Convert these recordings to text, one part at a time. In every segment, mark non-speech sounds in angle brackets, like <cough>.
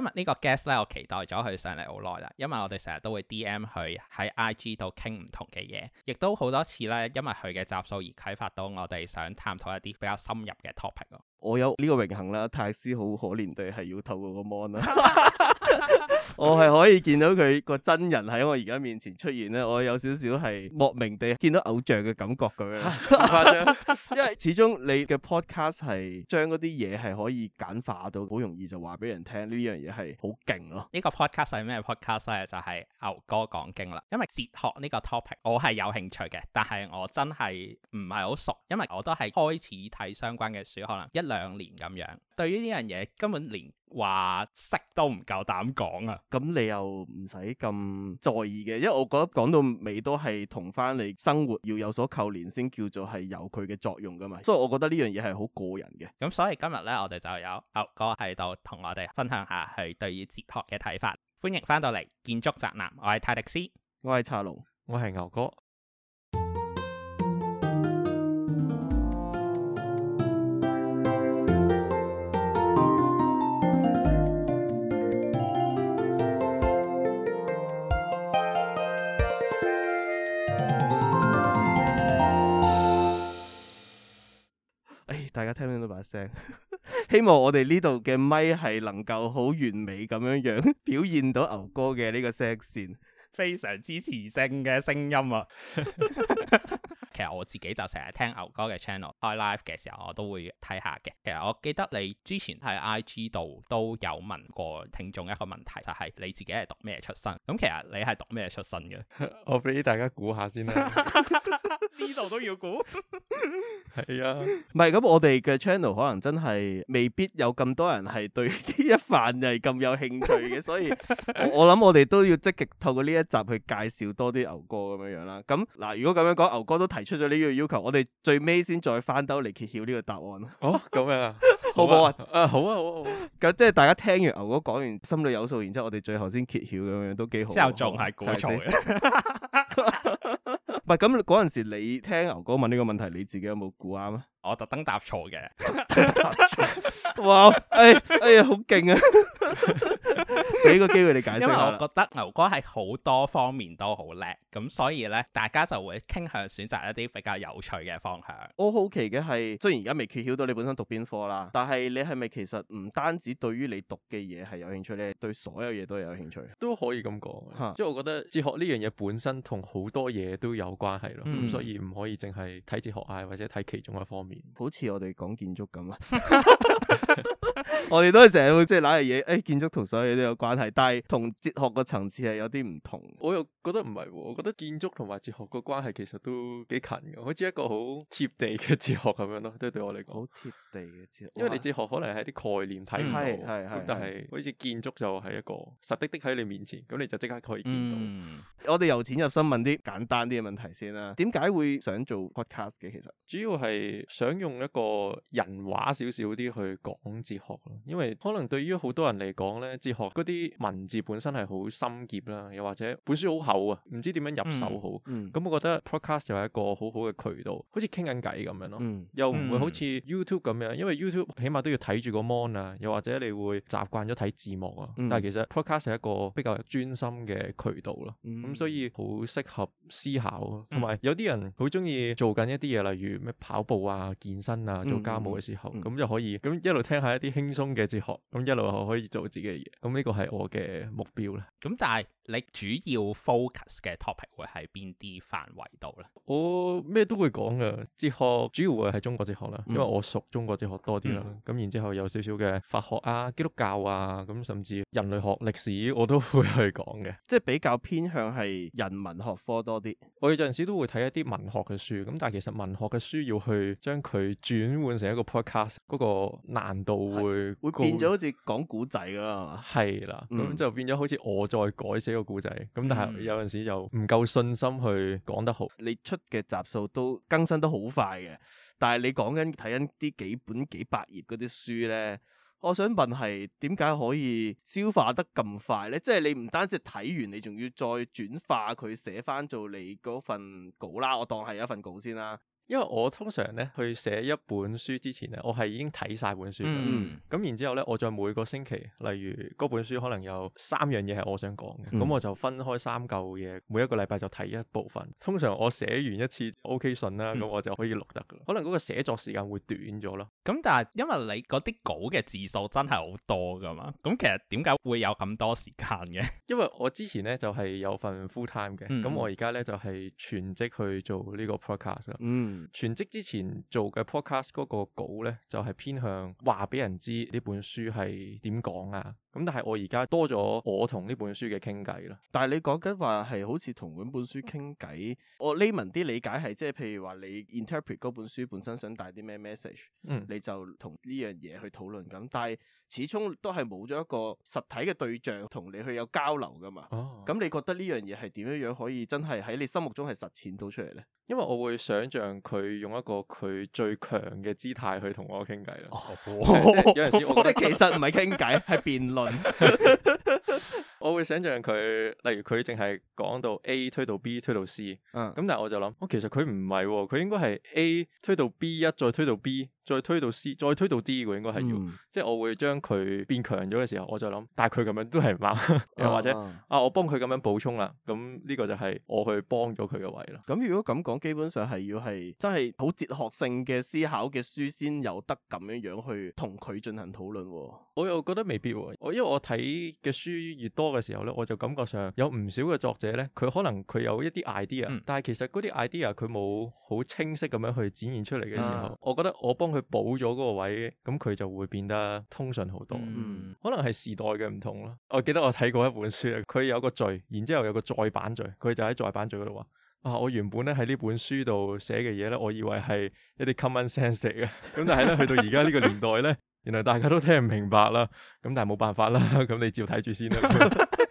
今日呢個 guest 咧，我期待咗佢上嚟好耐啦。因為我哋成日都會 DM 佢喺 IG 度傾唔同嘅嘢，亦都好多次咧，因為佢嘅集數而啟發到我哋想探討一啲比較深入嘅 topic 咯。我有呢個榮幸啦，泰斯好可憐地係要透過個 mon 啊。 <laughs> <laughs> 我係可以見到佢個真人喺我而家面前出現咧，我有少少係莫名地見到偶像嘅感覺咁樣， <laughs> <laughs> 因為始終你嘅 podcast 係將嗰啲嘢係可以簡化到好容易就話俾人聽，呢樣嘢係好勁咯。呢個 podcast 係咩 podcast 啊？就係牛哥講經啦。因為哲學呢個 topic 我係有興趣嘅，但係我真係唔係好熟，因為我都係開始睇相關嘅書，可能一兩年咁樣。對於呢樣嘢根本連。話識都唔夠膽講啊！咁你又唔使咁在意嘅，因為我覺得講到尾都係同翻你生活要有所扣連，先叫做係有佢嘅作用噶嘛。所以我覺得呢樣嘢係好個人嘅。咁所以今日呢，我哋就有牛哥係度同我哋分享下佢對於哲學嘅睇法。歡迎翻到嚟建築宅男，我係泰迪斯，我係茶龍，我係牛哥。大家聽唔聽到把聲， <laughs> 希望我哋呢度嘅咪係能夠好完美咁樣樣表現到牛哥嘅呢個聲線非常之磁性嘅聲音啊！ <laughs> <laughs> 其實我自己就成日聽牛哥嘅 channel 開 live 嘅時候，我都會睇下嘅。其實我記得你之前喺 IG 度都有問過聽眾一個問題，就係、是、你自己係讀咩出身？咁其實你係讀咩出身嘅、啊？我俾大家估下先啦，呢度都要估，係啊，唔係咁我哋嘅 channel 可能真係未必有咁多人係對呢一範係咁有興趣嘅，所以我諗我哋都要積極透過呢一集去介紹多啲牛哥咁樣樣啦。咁嗱，如果咁樣講，牛哥都提出咗呢個要求，我哋最尾先再翻兜嚟，揭曉呢個答案哦，咁樣啊，好唔、啊、 <laughs> 好啊？ <laughs> 啊，好啊，好啊，好啊。咁、啊、 <laughs> 即係大家聽完牛哥講完，心裏有數，然之後我哋最後先揭曉咁樣，都幾好、啊。好啊、之後仲係估錯嘅。唔 <laughs> 係， <laughs> 咁嗰陣時你聽牛哥問呢個問題，你自己有冇估啱啊？我特登答錯嘅。 <laughs> <laughs> <laughs> 哇，哎哎呀、哎，好勁啊！ <laughs> 俾個機會你解釋啦。 <laughs> 因為我覺得牛哥係好多方面都好叻，咁所以呢，大家就會傾向選擇一啲比較有趣嘅方向。我好奇嘅係，雖然而家未揭曉到你本身讀邊科啦，但係你係咪其實唔單止對於你讀嘅嘢係有興趣呢？對所有嘢都有興趣都可以咁講。即係、啊、我覺得哲學呢樣嘢本身同好多嘢都有關係咯，咁、嗯、所以唔可以淨係睇哲學啊，或者睇其中一方面。好似我哋講建築咁啊。 <laughs> <laughs> <laughs> 我哋都係成日會即係攋下嘢，誒，建築同所有嘢都有關係，但係同哲學個層次係有啲唔同。我又覺得唔係、啊，我覺得建築同埋哲學個關係其實都幾近嘅，好似一個好貼地嘅哲學咁樣咯，啊。即係對我嚟講，好貼地嘅哲學，因為你哲學可能係啲概念睇唔到，嗯，但係好似建築就係一個實的的喺你面前，咁你就即刻可以見到。嗯，我哋由淺入深問啲簡單啲嘅問題先啦，啊。點解會想做 podcast 嘅？其實主要係想用一個人話少少啲去。講哲學咯，因為可能對於好多人嚟講咧，哲學嗰啲文字本身係好深澀啦，又或者本書好厚啊，唔知點樣入手好。咁、嗯嗯、我覺得 podcast 就係一個好好嘅渠道，好似傾緊偈咁樣咯，嗯、又唔會好似 YouTube 咁樣，因為 YouTube 起碼都要睇住個 mon 啊，又或者你會習慣咗睇字幕啊。嗯、但係其實 podcast 係一個比較專心嘅渠道咯，咁、嗯嗯、所以好適合思考。同埋、嗯嗯、有啲人好中意做緊一啲嘢，例如咩跑步啊、健身啊、做家務嘅時候，咁就可以咁。嗯嗯嗯嗯一路聽下一啲輕鬆嘅哲學，咁一路可以做自己嘅嘢，咁呢個係我嘅目標啦。咁但係你主要 focus 嘅 topic 會喺邊啲範圍度呢？我咩都會講㗎，哲學主要會係中國哲學啦，因為我熟中國哲學多啲啦。咁、嗯、然之後，後有少少嘅法學啊、基督教啊，咁甚至人類學、歷史我都會去講嘅，即係比較偏向係人文學科多啲。我有陣時都會睇一啲文學嘅書，咁但係其實文學嘅書要去將佢轉換成一個 podcast、嗰個。難度會會變咗好似講古仔咯，係嘛的？係啦、嗯，咁就變咗好似我再改寫個古仔。咁、嗯、但係有陣時就唔夠信心去講得好。你出嘅集數都更新得好快嘅，但係你講緊睇緊啲幾本幾百頁嗰啲書咧，我想問係點解可以消化得咁快咧？即、就、係、是、你唔單止睇完，你仲要再轉化佢寫翻做你嗰份稿啦。我當係一份稿先啦。因為我通常咧去寫一本書之前咧，我係已經睇晒本書。嗯。咁然之後咧，我再每個星期，例如嗰本書可能有三樣嘢係我想講嘅，咁、嗯、我就分開三嚿嘢，每一個禮拜就睇一部分。通常我寫完一次 OK 信啦、嗯，咁我就可以錄得噶。可能嗰個寫作時間會短咗咯。咁但係因為你嗰啲稿嘅字數真係好多噶嘛，咁其實點解會有咁多時間嘅？因為我之前咧就係、是、有份 full time 嘅，咁、嗯、我而家咧就係、是、全職去做呢個 podcast 嗯。全職之前做嘅 podcast 嗰個稿呢，就係、是、偏向話俾人知呢本書係點講啊。咁但係我而家多咗我同呢本書嘅傾偈啦，但係你講緊話係好似同本書傾偈，我 layman 啲理解係即係譬如話你 interpret 嗰本書本身想帶啲咩 message，嗯，你就同呢樣嘢去討論咁，但係始終都係冇咗一個實體嘅對象同你去有交流噶嘛，哦，咁你覺得呢樣嘢係點樣樣可以真係喺你心目中係實踐到出嚟咧？因為我會想象佢用一個佢最強嘅姿態去同我傾偈咯，哦，有陣時 <laughs> 即係其實唔係傾偈係辯論。 <laughs> <laughs> 我會想象佢，例如佢淨係講到 A 推到 B 推到 C，咁、嗯、但係我就諗、哦，其實佢唔係喎，佢應該係 A 推到 B 一再推到 B。再推到 C 再推到 D 喎，應該係要，嗯、即係我會將佢變強咗嘅時候，我再諗，但係佢咁樣都係唔啱，啊、又或者啊，啊，我幫佢咁樣補充啦。咁、嗯、呢、這個就係我去幫咗佢嘅位啦，咁、嗯、如果咁講，基本上係要係真係好哲學性嘅思考嘅書先有得咁樣樣去同佢進行討論、哦，我又覺得未必，我因為我睇嘅書越多嘅時候咧，我就感覺上有唔少嘅作者咧，佢可能佢有一啲 idea，、嗯、但係其實嗰啲 idea 佢冇好清晰咁樣去展現出嚟嘅時候，嗯、我覺得我幫佢。補咗嗰個位，咁佢就會變得通順好多。嗯，可能係時代嘅唔同咯。我記得我睇過一本書，佢有個序，然之後有個再版序，佢就喺再版序嗰度話：啊，我原本咧喺呢本書度寫嘅嘢咧，我以為係一啲 common sense 嘅，咁但係咧去到而家呢個年代咧， <laughs> 原來大家都聽唔明白啦。咁但係冇辦法啦，咁你照睇住先啦。 <laughs>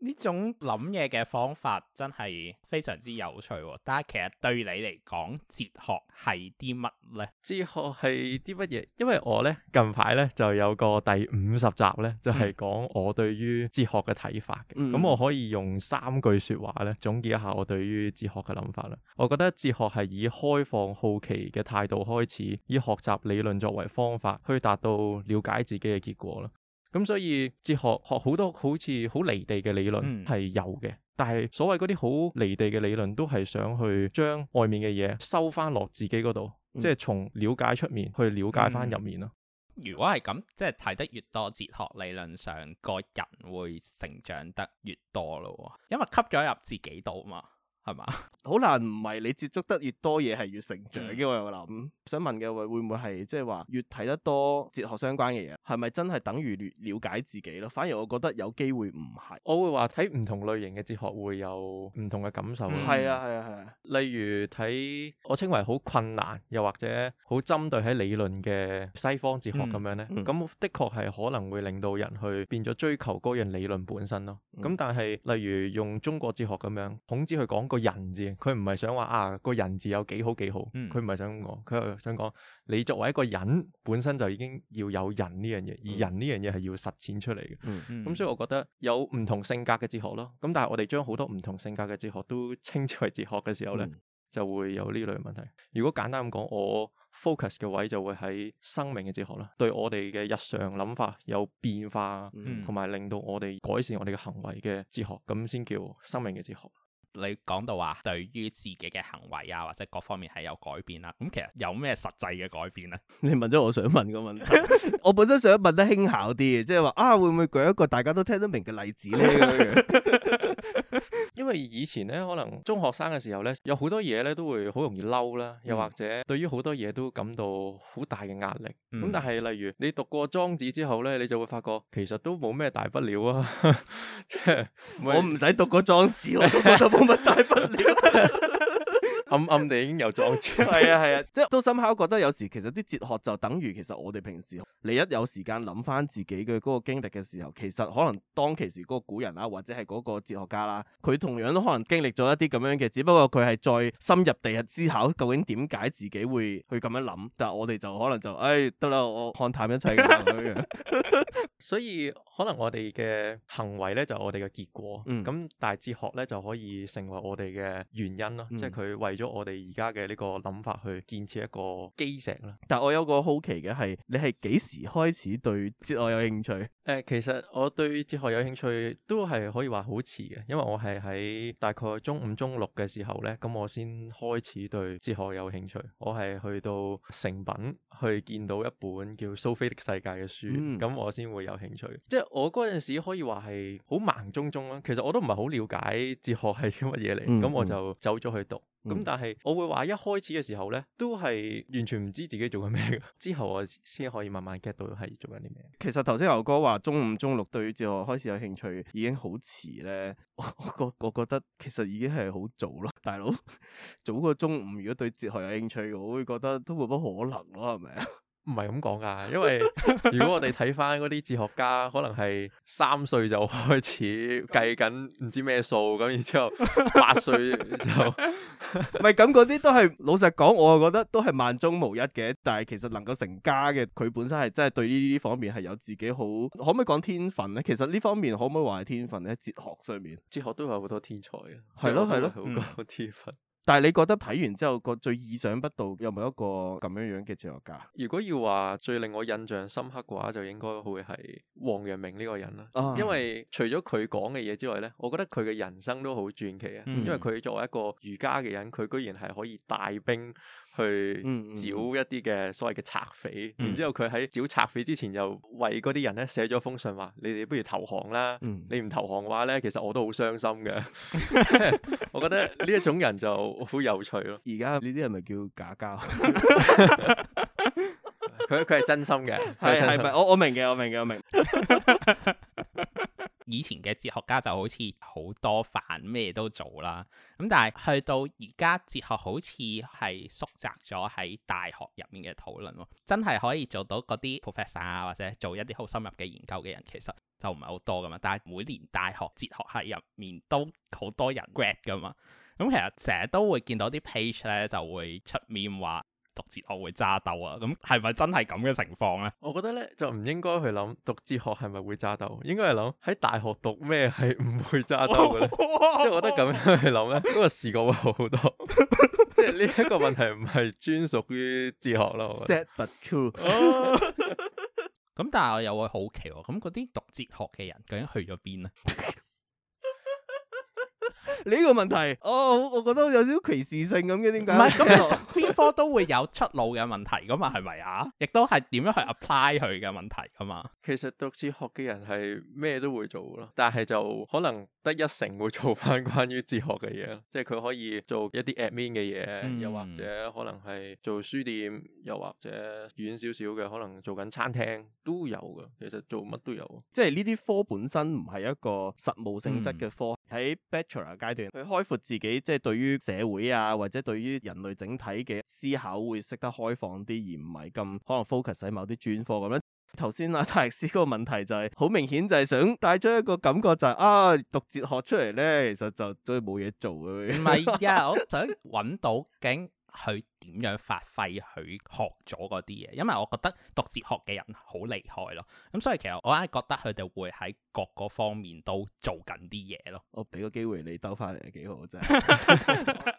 呢種諗嘢嘅方法真係非常之有趣。哦，但係其實對你嚟講，哲學係啲乜呢？哲學係啲乜嘢？因為我呢，近排呢就有個第五十集呢，就係、是、講我對於哲學嘅睇法嘅。咁、嗯、我可以用三句說話呢，總結一下我對於哲學嘅諗法啦。我覺得哲學係以開放好奇嘅態度開始，以學習理論作為方法，去達到了解自己嘅結果囉。咁所以哲學學好多好似好離地嘅理論係有嘅，嗯、但係所謂嗰啲好離地嘅理論都係想去將外面嘅嘢收翻落自己嗰度，即係、嗯、從了解出面去了解翻入面咯。嗯嗯、如果係咁，即係睇得越多哲學理論上個人會成長得越多咯，因為吸咗入自己度嘛。係嘛？好 <laughs> 難，唔係你接觸得越多嘢，係越成長嘅。嗯、我諗想，想問嘅會唔會係即係話越睇得多哲學相關嘅嘢，係咪真係等於了解自己咯？反而我覺得有機會唔係。我會話睇唔同類型嘅哲學會有唔同嘅感受。係、嗯、啊，係啊，係啊。例如睇我稱為好困難，又或者好針對喺理論嘅西方哲學咁樣呢，咁、嗯嗯、的確係可能會令到人去變咗追求嗰樣理論本身咯。咁、嗯、但係例如用中國哲學咁樣，孔子去講人字，佢唔係想話啊個人字有幾好幾好，佢唔係想講，佢係想講你作為一個人本身就已經要有人呢樣嘢，而人呢樣嘢係要實踐出嚟嘅。咁、嗯嗯、所以我覺得有唔同性格嘅哲學咯，咁但係我哋將好多唔同性格嘅哲學都稱之為哲學嘅時候呢，嗯、就會有呢類問題。如果簡單咁講，我 focus 嘅位就會喺生命嘅哲學啦，對我哋嘅日常諗法有變化同埋、嗯、令到我哋改善我哋嘅行為嘅哲學，咁先叫生命嘅哲學。你講到話對於自己嘅行為啊，或者各方面係有改變啦，咁其實有咩實際嘅改變咧？你問咗我想問個問題。 <laughs> 我本身想問得輕巧啲嘅，即係話啊，會唔會舉一個大家都聽得明嘅例子咧？ <laughs> <laughs> 因為以前咧，可能中學生嘅時候咧，有好多嘢咧都會好容易嬲啦，又或者對於好多嘢都感到好大嘅壓力。咁、嗯、但係例如你讀過莊子之後咧，你就會發覺其實都冇咩大不了啊。 <laughs> 就是、我唔使讀過莊子，我都覺得冇乜大不了。 <laughs> 暗暗地已經又撞牆。 <laughs> 啊，係啊，啊即係都深刻覺得有時其實啲哲學就等於其實我哋平時，你一有時間諗翻自己嘅嗰個經歷嘅時候，其實可能當其時嗰個古人啊，或者係嗰個哲學家啦，佢同樣都可能經歷咗一啲咁樣嘅，只不過佢係再深入地去思考究竟點解自己會去咁樣諗。但係我哋就可能就，誒得啦，我看淡一切咁樣。 <laughs> <laughs> 所以可能我哋嘅行為咧就係、我哋嘅結果，咁、嗯、但係哲學咧就可以成為我哋嘅原因咯，即係佢為。咗我哋而家嘅呢個諗法去建設一個基石啦。但我有個好奇嘅係，你係幾時開始對哲學有興趣？誒，其實我對哲學有興趣都係可以話好遲嘅，因為我係喺大概中五、中六嘅時候呢。咁我先開始對哲學有興趣。我係去到誠品去見到一本叫《蘇菲的世界》嘅書，咁、嗯、我先會有興趣。即係我嗰陣時可以話係好盲舂舂啦。其實我都唔係好了解哲學係啲乜嘢嚟，咁、嗯嗯、我就走咗去讀。咁、嗯、但係我會話一開始嘅時候呢，都係完全唔知自己做緊咩。之後我先可以慢慢 get 到係做緊啲咩。其實頭先牛哥話中五中六對哲學開始有興趣，已經好遲呢。我覺我覺得其實已經係好早咯，大佬早過中五，如果對哲學有興趣，我會覺得都冇乜可能咯，係咪啊？唔係咁講噶，因為如果我哋睇翻嗰啲哲學家，可能係三歲就開始計緊唔知咩數，咁然之後八歲就，唔係咁嗰啲都係老實講，我啊覺得都係萬中無一嘅。但係其實能夠成家嘅，佢本身係真係對呢啲方面係有自己好，可唔可以講天分呢？其實呢方面可唔可以話係天分咧？哲學上面，哲學都有好多天才嘅，係咯係咯，講天分。但係你覺得睇完之後個最意想不到有冇一個咁樣樣嘅哲學家？如果要話最令我印象深刻嘅話，就應該會係王陽明呢個人啦。啊、因為除咗佢講嘅嘢之外呢，我覺得佢嘅人生都好傳奇啊。嗯、因為佢作為一個儒家嘅人，佢居然係可以帶兵，去剿一啲嘅，嗯嗯、所謂嘅賊匪。嗯、然之後佢喺剿賊匪之前，又為嗰啲人咧寫咗封信話：你哋不如投降啦！嗯、你唔投降嘅話咧，其實我都好傷心嘅。 <laughs> 我覺得呢一種人就好有趣咯。而家呢啲人咪叫假交。佢佢係真心嘅，係係咪？我我明嘅，我明嘅，我明。我明 <laughs> 以前嘅哲學家就好似好多飯，咩都做啦。咁但係去到而家，哲學好似係縮窄咗喺大學入面嘅討論喎。真係可以做到嗰啲 professor 啊，或者做一啲好深入嘅研究嘅人，其實就唔係好多㗎嘛。但係每年大學哲學系入面都好多人 grad 噶嘛。咁其實成日都會見到啲 page 咧，就會出面話。讀哲學會揸兜啊？咁係咪真係咁嘅情況咧？我覺得咧就唔應該去諗讀哲學係咪會揸兜，應該係諗喺大學讀咩系唔會揸兜嘅咧。即係我覺得咁樣去諗咧，都係試過好多。即係呢一個問題唔係專屬於哲學咯。Sad but true。咁但係我又會好奇，咁嗰啲讀哲學嘅人究竟去咗邊咧？ <laughs> 你呢個問題，我、哦、我覺得有少少歧視性咁嘅。點解？唔係，邊科 <laughs> 都會有出路嘅問題噶嘛，係咪啊？亦都係點樣去 apply 佢嘅問題噶嘛？其實讀哲學嘅人係咩都會做噶啦，但係就可能得一成會做翻關於哲學嘅嘢，即係佢可以做一啲 admin 嘅嘢，嗯、又或者可能係做書店，又或者遠少少嘅可能做緊餐廳都有噶。其實做乜都有，即係呢啲科本身唔係一個實務性質嘅科。嗯喺 Bachelor 階段，去開闊自己即係對於社會啊，或者對於人類整體嘅思考會識得開放啲，而唔係咁可能 focus 喺某啲專科咁樣。頭先阿泰師嗰個問題就係、是、好明顯，就係想帶咗一個感覺就係、是、啊，讀哲學出嚟咧，其實就都係冇嘢做嘅。唔係呀，我想揾到經。 <laughs> <laughs> 佢點樣發揮佢學咗嗰啲嘢？因為我覺得讀哲學嘅人好厲害咯，咁、嗯、所以其實我硬係覺得佢哋會喺各個方面都做緊啲嘢咯。我俾個機會你兜翻嚟係幾好真係。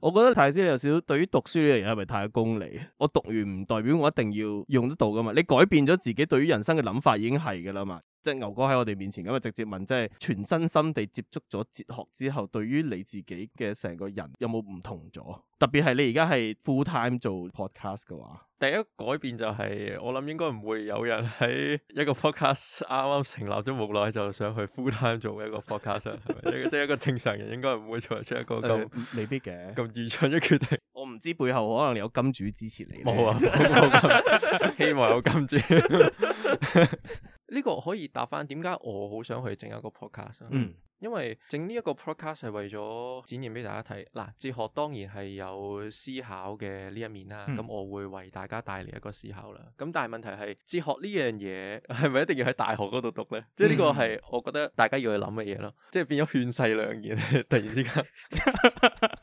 我覺得泰斯你有少少對於讀書呢樣嘢係咪太功利？我讀完唔代表我一定要用得到噶嘛？你改變咗自己對於人生嘅諗法已經係噶啦嘛？即牛哥喺我哋面前咁啊，直接問，即係全身心地接觸咗哲學之後，對於你自己嘅成個人有冇唔同咗？特別係你而家係 full time 做 podcast 嘅話，第一改變就係，我諗應該唔會有人喺一個 podcast 啱啱成立咗冇耐就想去 full time 做一個 podcast，係咪？即係一個正常人應該唔會做出一個咁、 <laughs> 嗯、未必嘅咁愚蠢嘅決定。我唔知背後可能有金主支持你，冇啊， <laughs> 希望有金主。 <laughs> <laughs> 呢個可以答翻點解我好想去整一個 podcast？嗯，因為整呢一個 podcast 係為咗展現俾大家睇。嗱，哲學當然係有思考嘅呢一面啦。咁、嗯、我會為大家帶嚟一個思考啦。咁但係問題係，哲學呢樣嘢係咪一定要喺大學嗰度讀呢？嗯、即係呢個係我覺得大家要去諗嘅嘢咯。即係變咗勸世兩言，突然之間。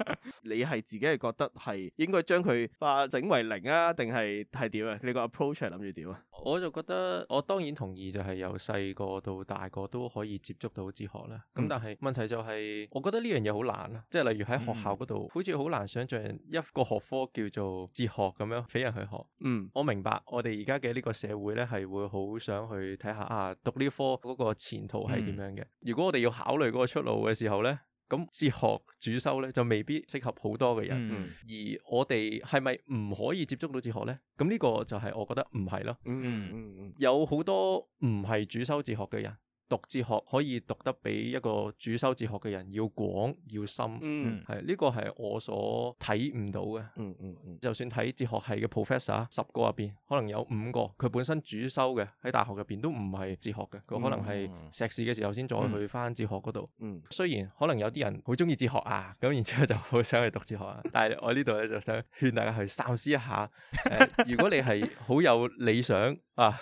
嗯 <laughs> 你係自己係覺得係應該將佢化整為零啊，定係係點啊？你個 approach 係諗住點啊？我就覺得，我當然同意，就係由細個到大個都可以接觸到哲學啦。咁、嗯、但係問題就係、是，我覺得呢樣嘢好難啊。即係例如喺學校嗰度，嗯、好似好難想像一個學科叫做哲學咁樣俾人去學。嗯，我明白。我哋而家嘅呢個社會咧，係會好想去睇下啊，讀呢科嗰個前途係點樣嘅。嗯、如果我哋要考慮嗰個出路嘅時候咧，咁哲學主修咧就未必適合好多嘅人，嗯、而我哋係咪唔可以接觸到哲學咧？咁呢個就係我覺得唔係咯。嗯嗯嗯，嗯嗯嗯有好多唔係主修哲學嘅人。讀哲學可以讀得比一個主修哲學嘅人要廣要深，係、嗯、呢、嗯、個係我所睇唔到嘅，嗯。嗯嗯嗯，就算睇哲學系嘅 professor，十個入邊可能有五個佢本身主修嘅喺大學入邊都唔係哲學嘅，佢可能係碩士嘅時候先再去翻哲學嗰度。嗯，雖然可能有啲人好中意哲學啊，咁然之後就好想去讀哲學啊，但係我呢度咧就想勸大家去三思一下， <laughs> 呃、如果你係好有理想啊，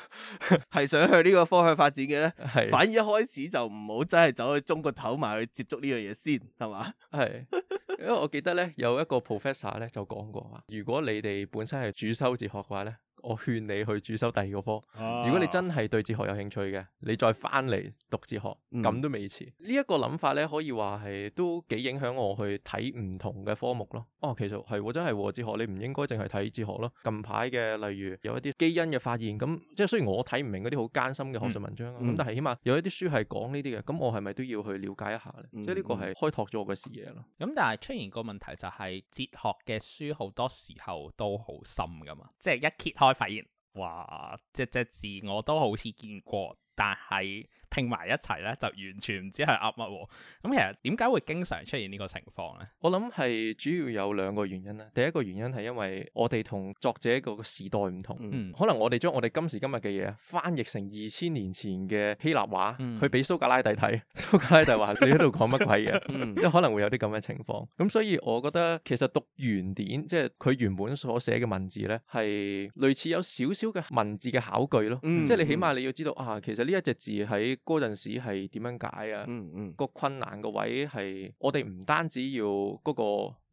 係 <laughs> 想去呢個方向發展嘅咧，係反而。 <laughs> 一開始就唔好真係走去中國頭埋去接觸呢樣嘢先，係嘛？係的， <laughs> 因為我記得咧有一個 professor 咧就講過話，如果你哋本身係主修哲學嘅話咧。我勸你去主修第二個科。如果你真係對哲學有興趣嘅，你再翻嚟讀哲學，咁都未遲。呢、這、一個諗法咧，可以話係都幾影響我去睇唔同嘅科目咯、啊。哦，其實係，我真係和哲學，你唔應該淨係睇哲學咯。近排嘅例如有一啲基因嘅發現，咁即係雖然我睇唔明嗰啲好艱深嘅學術文章啦，咁、嗯嗯、但係起碼有一啲書係講呢啲嘅，咁我係咪都要去了解一下呢？嗯、即係呢個係開拓咗我嘅視野咯。咁但係出現個問題就係、是、哲學嘅書好多時候都好深㗎嘛，即係一揭開。發現哇，隻隻字我都好似見過，但係，拼埋一齊咧，就完全唔知係噏乜。咁其實點解會經常出現呢個情況咧？我諗係主要有兩個原因啦。第一個原因係因為我哋同作者個時代唔同，嗯、可能我哋將我哋今時今日嘅嘢翻譯成二千年前嘅希臘話，嗯、去俾蘇格拉底睇，蘇格拉底話你喺度講乜鬼嘢？即係、 <laughs> 嗯、可能會有啲咁嘅情況。咁所以我覺得其實讀原典，即係佢原本所寫嘅文字咧，係類似有少少嘅文字嘅考據咯。即係你起碼你要知道啊，其實呢一隻字喺嗰陣時係點樣解啊？嗯嗯、個困難個位係我哋唔單止要嗰個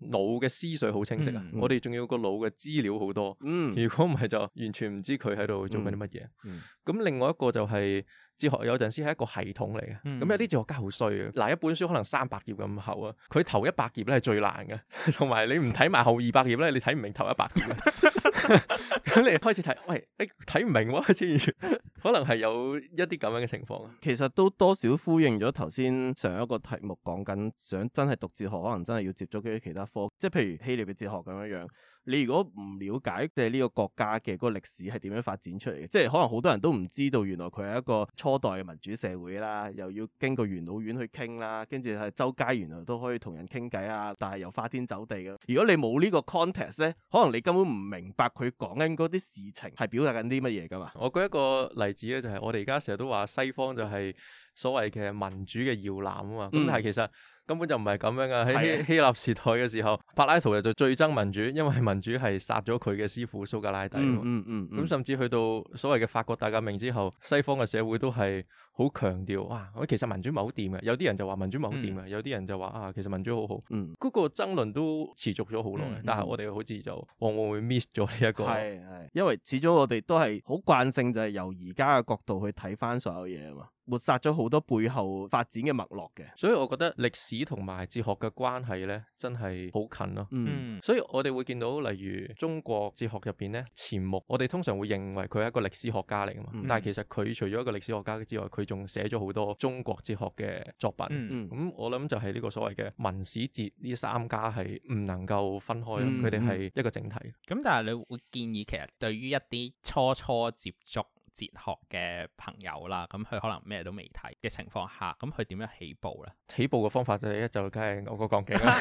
腦嘅思緒好清晰啊，嗯嗯、我哋仲要個腦嘅資料好多。如果唔係就完全唔知佢喺度做緊啲乜嘢。咁、嗯嗯、另外一個就係、係、哲學有陣時係一個系統嚟嘅。咁、嗯、有啲哲學家好衰嘅，嗱，一本書可能三百頁咁厚啊，佢頭一百頁咧係最難嘅，同埋你唔睇埋後二百頁咧，你睇唔明頭一百頁。 <laughs> 咁 <laughs> 你開始睇，喂，誒、欸，睇唔明喎，開始，可能係有一啲咁樣嘅情況啊。其實都多少呼應咗頭先上一個題目講緊，想真係讀哲學，可能真係要接觸啲其他科，即係譬如希臘嘅哲學咁樣樣。你如果唔了解即係呢個國家嘅個歷史係點樣發展出嚟嘅，即係可能好多人都唔知道原來佢係一個初代嘅民主社會啦，又要經過元老院去傾啦，跟住係周街原來都可以同人傾偈啊，但係又花天酒地嘅。如果你冇呢個 context 咧，可能你根本唔明白佢講緊嗰啲事情係表達緊啲乜嘢㗎嘛。我舉一個例子咧，就係我哋而家成日都話西方就係所謂嘅民主嘅搖籃啊嘛，咁但係其實根本就唔係咁樣啊！喺希臘是的 時代嘅時候，柏拉圖就最憎民主，因為民主係殺咗佢嘅師傅蘇格拉底。嗯嗯咁、嗯嗯嗯、甚至去到所謂嘅法國大革命之後，西方嘅社會都係好強調哇！其實民主唔好掂嘅，有啲人就話民主唔好掂嘅，嗯、有啲人就話啊，其實民主好好、嗯嗯。嗯。嗰個爭論都持續咗好耐，但係我哋好似就往往會 miss 咗呢一個。係係，因為始終我哋都係好慣性就係由而家嘅角度去睇翻所有嘢啊嘛。抹殺咗好多背後發展嘅脈絡嘅，所以我覺得歷史同埋哲學嘅關係咧，真係好近咯、啊。嗯，所以我哋會見到，例如中國哲學入邊呢，錢穆，我哋通常會認為佢係一個歷史學家嚟噶嘛，嗯、但係其實佢除咗一個歷史學家之外，佢仲寫咗好多中國哲學嘅作品。嗯嗯，咁、嗯嗯、我諗就係呢個所謂嘅文史哲呢三家係唔能夠分開，佢哋係一個整體。咁、嗯嗯、但係你會建議，其實對於一啲初初接觸哲學嘅朋友啦，咁佢可能咩都未睇嘅情況下，咁佢點樣起步咧？起步嘅方法就係、是、一就梗係聽我個講鏡啦。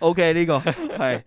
OK，呢個係。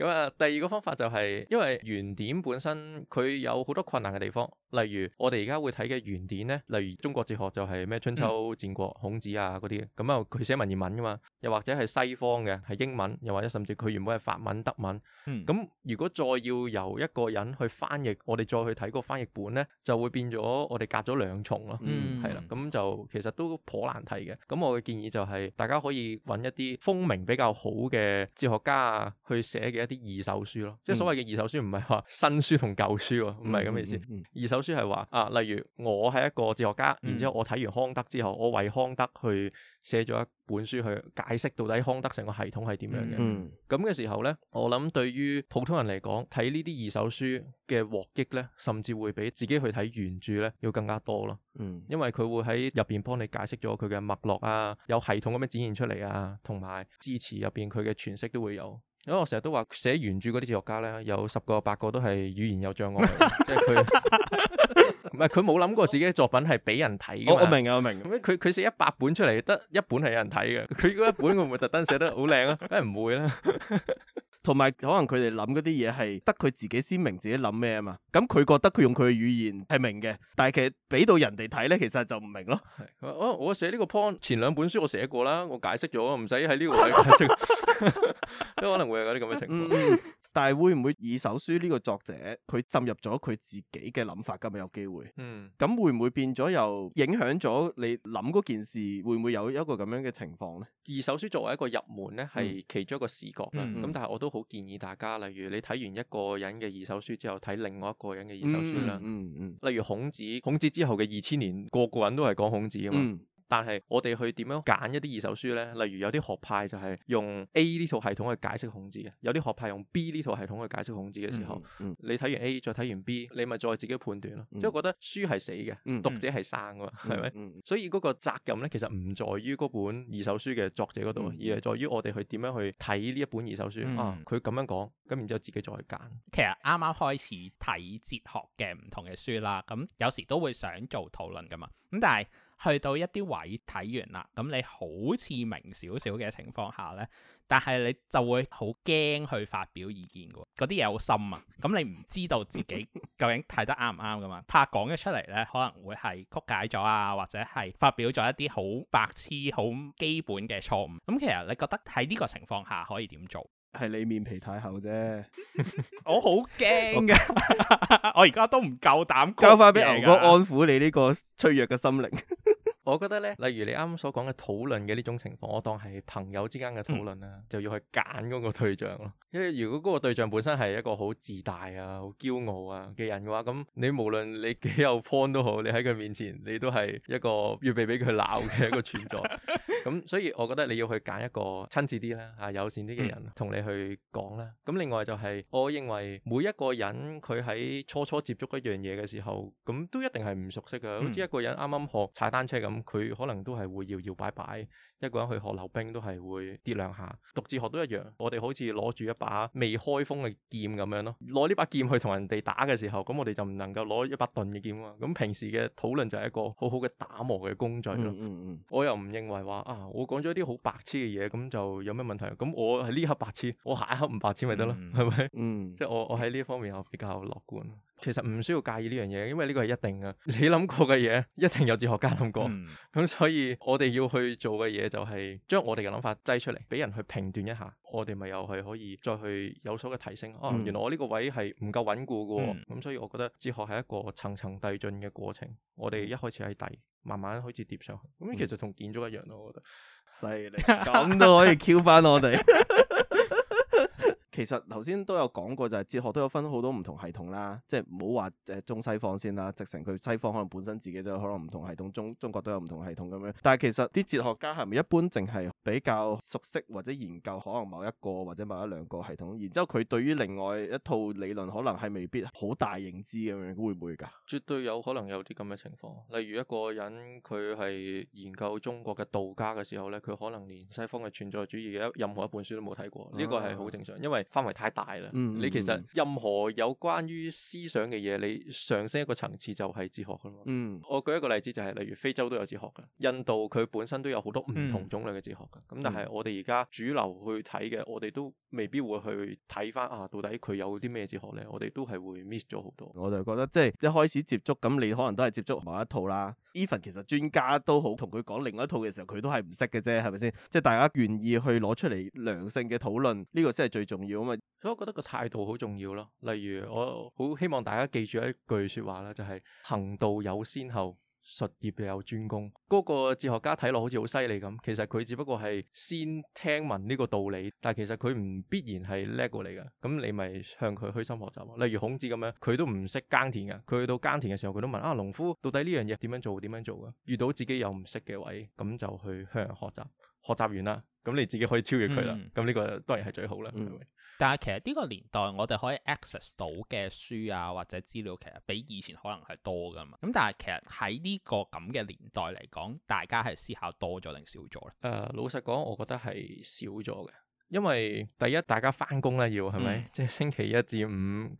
咁啊，第二個方法就係，因為原典本身佢有好多困難嘅地方，例如我哋而家會睇嘅原典咧，例如中國哲學就係咩春秋、嗯、戰國孔子啊嗰啲，咁啊佢寫文言文噶嘛，又或者係西方嘅係英文，又或者甚至佢原本係法文、德文，咁、嗯、如果再要由一個人去翻譯，我哋再去睇個翻譯本咧，就會變咗我哋隔咗兩重咯，係啦、嗯，咁就其實都頗難睇嘅。咁我嘅建議就係大家可以揾一啲風名比較好嘅哲學家啊去寫嘅。啲二手書咯，即係所謂嘅二手書，唔係話新書同舊書喎，唔係咁嘅意思。嗯嗯嗯、二手書係話啊，例如我係一個哲學家，嗯、然之後我睇完康德之後，我為康德去寫咗一本書去解釋到底康德成個系統係點樣嘅。咁嘅、嗯嗯、時候呢，我諗對於普通人嚟講，睇呢啲二手書嘅獲益呢，甚至會比自己去睇原著呢要更加多咯。嗯，因為佢會喺入邊幫你解釋咗佢嘅脈絡啊，有系統咁樣展現出嚟啊，同埋支持入邊佢嘅詮釋都會有。因為我成日都話寫原著嗰啲哲學家咧，有十個八個都係語言有障礙嘅，即係佢唔係佢冇諗過自己嘅作品係俾人睇。我我明啊，我明。咁佢佢寫一百本出嚟，得一本係有人睇嘅，佢嗰一本會唔會特登寫得好靚啊？梗係唔會啦。 <laughs> 同埋可能佢哋諗嗰啲嘢係得佢自己先明自己諗咩啊嘛，咁佢覺得佢用佢嘅語言係明嘅，但係其實俾到人哋睇咧，其實就唔明咯。哦，我我寫呢個 point，前兩本書我寫過啦，我解釋咗，唔使喺呢度解釋。都 <laughs> <laughs> 可能會有啲咁嘅情況。嗯嗯但係會唔會二手書呢個作者佢浸入咗佢自己嘅諗法，今日有機會，咁、嗯、會唔會變咗又影響咗你諗嗰件事？會唔會有一個咁樣嘅情況呢？二手書作為一個入門呢，係、嗯、其中一個視角啦。咁、嗯嗯、但係我都好建議大家，例如你睇完一個人嘅二手書之後，睇另外一個人嘅二手書啦。嗯嗯，嗯，嗯、例如孔子，孔子之後嘅二千年，個個人都係講孔子啊嘛。嗯嗯但係我哋去點樣揀一啲二手書呢？例如有啲學派就係用 A 呢套系統去解釋孔子嘅，有啲學派用 B 呢套系統去解釋孔子嘅時候，嗯嗯、你睇完 A 再睇完 B，你咪再自己判斷咯。即係我覺得書係死嘅，嗯、讀者係生噶，係咪？所以嗰個責任呢，其實唔在於嗰本二手書嘅作者嗰度，嗯、而係在於我哋去點樣去睇呢一本二手書、嗯、啊？佢咁樣講，咁然之後，然後自己再揀。其實啱啱開始睇哲學嘅唔同嘅書啦，咁有時都會想做討論噶嘛。咁但係。去到一啲位睇完啦，咁你好似明少少嘅情況下呢，但係你就會好驚去發表意見嘅，嗰啲嘢好深啊，咁你唔知道自己究竟睇得啱唔啱噶嘛？ <laughs> 怕講咗出嚟呢，可能會係曲解咗啊，或者係發表咗一啲好白痴、好基本嘅錯誤。咁其實你覺得喺呢個情況下可以點做？係你面皮太厚啫， <laughs> <laughs> 我好驚噶， <laughs> 我而家都唔夠膽講。交翻俾牛哥安撫你呢個脆弱嘅心靈。 <laughs> 我覺得呢，例如你啱啱所講嘅討論嘅呢種情況，我當係朋友之間嘅討論啦、啊，嗯、就要去揀嗰個對象咯。因為如果嗰個對象本身係一個好自大啊、好驕傲啊嘅人嘅話，咁你無論你幾有 point 都好，你喺佢面前，你都係一個要被俾佢鬧嘅一個存在。咁 <laughs> 所以我覺得你要去揀一個親切啲啦、啊友善啲嘅人同、嗯、你去講啦。咁另外就係、是、我認為每一個人佢喺初初接觸一樣嘢嘅時候，咁都一定係唔熟悉㗎，好似一個人啱啱學踩單車咁。咁佢、嗯、可能都係會搖搖擺擺。一個人去學溜冰都係會跌兩下，讀哲學都一樣。我哋好似攞住一把未開封嘅劍咁樣咯，攞呢把劍去同人哋打嘅時候，咁我哋就唔能夠攞一把鈍嘅劍喎。咁平時嘅討論就係一個好好嘅打磨嘅工序咯。嗯嗯嗯、我又唔認為話啊，我講咗啲好白痴嘅嘢，咁就有咩問題？咁我係呢刻白痴，我下一刻唔白痴咪得咯，係咪？嗯。吧嗯即係我我喺呢一方面我比較樂觀。其實唔需要介意呢樣嘢，因為呢個係一定嘅。你諗過嘅嘢一定有哲學家諗過。嗯。咁、嗯、所以我哋要去做嘅嘢。就係將我哋嘅諗法擠出嚟，俾人去評斷一下，我哋咪又係可以再去有所嘅提升。哦、啊，原來我呢個位係唔夠穩固㗎，咁、嗯、所以我覺得哲學係一個層層遞進嘅過程。嗯、我哋一開始喺底，慢慢開始疊上去，咁其實同建築一樣咯。我覺得犀利，咁都可以 Q 翻我哋。 <laughs> 其實頭先都有講過，就係哲學都有分好多唔同系統啦，即係唔好話誒中西方先啦，直成佢西方可能本身自己都有可能唔同系統，中中國都有唔同系統咁樣。但係其實啲哲學家係咪一般淨係比較熟悉或者研究可能某一個或者某一兩個系統，然之後佢對於另外一套理論可能係未必好大認知咁樣，會唔會噶？絕對有可能有啲咁嘅情況，例如一個人佢係研究中國嘅道家嘅時候咧，佢可能連西方嘅存在主義嘅任何一本書都冇睇過，呢個係好正常，因為。範圍太大啦，嗯、你其實任何有關於思想嘅嘢，你上升一個層次就係哲學噶咯。嗯，我舉一個例子就係、是，例如非洲都有哲學噶，印度佢本身都有好多唔同種類嘅哲學噶。咁、嗯、但係我哋而家主流去睇嘅，我哋都未必會去睇返啊，到底佢有啲咩哲學咧？我哋都係會 miss 咗好多。我就覺得即係一開始接觸，咁你可能都係接觸某一套啦。Even 其實專家都好同佢講另外一套嘅時候，佢都係唔識嘅啫，係咪先？即、就、係、是、大家願意去攞出嚟良性嘅討論，呢、這個先係最重要。所以我覺得個態度好重要咯。例如我好希望大家記住一句說話啦，就係行道有先後，術業有專攻。嗰個哲學家睇落好似好犀利咁，其實佢只不過係先聽聞呢個道理，但係其實佢唔必然係叻過你噶。咁你咪向佢虛心學習。例如孔子咁樣，佢都唔識耕田噶，佢去到耕田嘅時候，佢都問啊農夫到底呢樣嘢點樣做點樣做噶？遇到自己又唔識嘅位，咁就去向人學習。學習完啦。咁你自己可以超越佢啦，咁呢、嗯、個當然係最好啦。嗯、吧但係其實呢個年代我哋可以 access 到嘅書啊或者資料，其實比以前可能係多㗎嘛。咁但係其實喺呢個咁嘅年代嚟講，大家係思考多咗定少咗咧？誒、呃，老實講，我覺得係少咗嘅。因為第一大家翻工啦，要係咪？嗯、即係星期一至五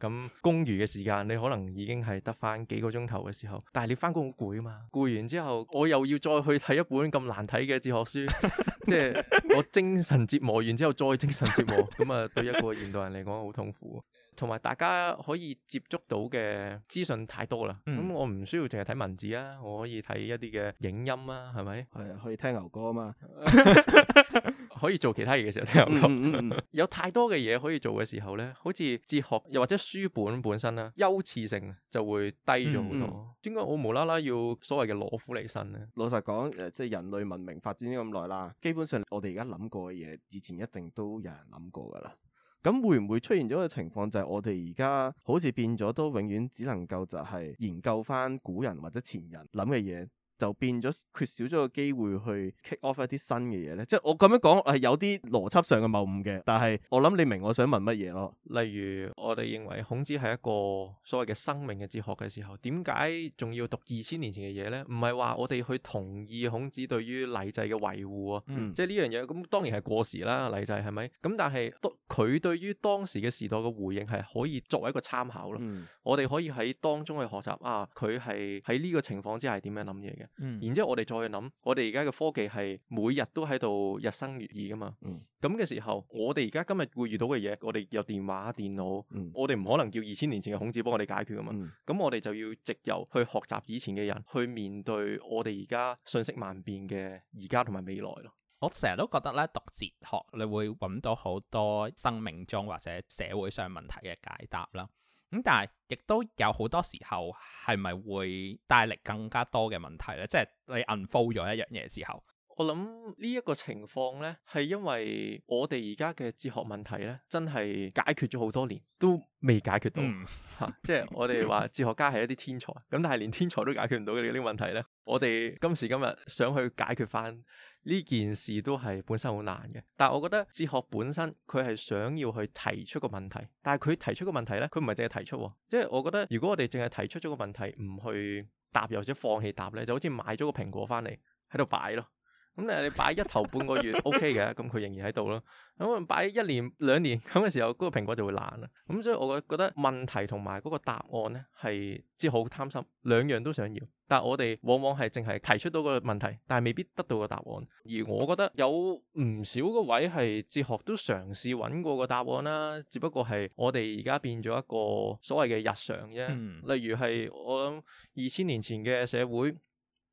咁，工餘嘅時間，你可能已經係得翻幾個鐘頭嘅時候。但係你翻工好攰啊嘛，攰完之後我又要再去睇一本咁難睇嘅哲學書， <laughs> 即係我精神折磨完之後再精神折磨，咁啊對一個現代人嚟講好痛苦。同埋大家可以接觸到嘅資訊太多啦，咁我唔需要淨係睇文字啊，我可以睇一啲嘅影音啦、啊，係咪？係啊，可以聽牛哥啊嘛， <laughs> <laughs> 可以做其他嘢嘅時候聽牛哥。 <laughs> 有太多嘅嘢可以做嘅時候咧，好似哲學又或者書本本身啦，優次性就會低咗好多。點解、嗯、我無啦啦要所謂嘅攞苦嚟身咧？老實講，誒、呃，即係人類文明發展咗咁耐啦，基本上我哋而家諗過嘅嘢，以前一定都有人諗過噶啦。咁會唔會出現咗嘅情況，就係我哋而家好似變咗，都永遠只能夠就係研究翻古人或者前人諗嘅嘢？就變咗缺少咗個機會去 kick off 一啲新嘅嘢呢，即係我咁樣講係有啲邏輯上嘅謬誤嘅，但係我諗你明我想問乜嘢咯？例如我哋認為孔子係一個所謂嘅生命嘅哲學嘅時候，點解仲要讀二千年前嘅嘢呢？唔係話我哋去同意孔子對於禮制嘅維護啊，嗯、即係呢樣嘢咁當然係過時啦，禮制係咪？咁、嗯、但係佢對於當時嘅時代嘅回應係可以作為一個參考咯。嗯、我哋可以喺當中去學習啊，佢係喺呢個情況之下點樣諗嘢嘅。嗯、然之後我哋再諗，我哋而家嘅科技係每日都喺度日新月異噶嘛。咁嘅、嗯、時候，我哋而家今日會遇到嘅嘢，我哋有電話、電腦，嗯、我哋唔可能叫二千年前嘅孔子幫我哋解決噶嘛。咁、嗯、我哋就要直由去學習以前嘅人，嗯、去面對我哋而家信息萬變嘅而家同埋未來咯。我成日都覺得咧，讀哲學你會揾到好多生命中或者社會上問題嘅解答啦。咁但係，亦都有好多時候係咪會帶嚟更加多嘅問題咧？即係你 unfold 咗一樣嘢之後。我諗呢一個情況呢，係因為我哋而家嘅哲學問題呢，真係解決咗好多年都未解決到。 <laughs> 啊、即係我哋話哲學家係一啲天才，咁但係連天才都解決唔到嘅呢個問題呢。我哋今時今日想去解決翻呢件事都係本身好難嘅。但係我覺得哲學本身佢係想要去提出個問題，但係佢提出個問題呢，佢唔係淨係提出，即係我覺得如果我哋淨係提出咗個問題，唔去答，又或者放棄答咧，就好似買咗個蘋果翻嚟喺度擺咯。咁、 <laughs> 嗯、你你擺一頭半個月 OK 嘅，咁、嗯、佢仍然喺度咯。咁、嗯、擺一年兩年咁嘅時候，嗰、嗰個蘋果就會爛啦。咁、嗯、所以我覺得問題同埋嗰個答案咧，係即係好貪心，兩樣都想要。但係我哋往往係淨係提出到個問題，但係未必得到個答案。而我覺得有唔少個位係哲學都嘗試揾過個答案啦，只不過係我哋而家變咗一個所謂嘅日常啫。嗯、例如係我諗二千年前嘅社會。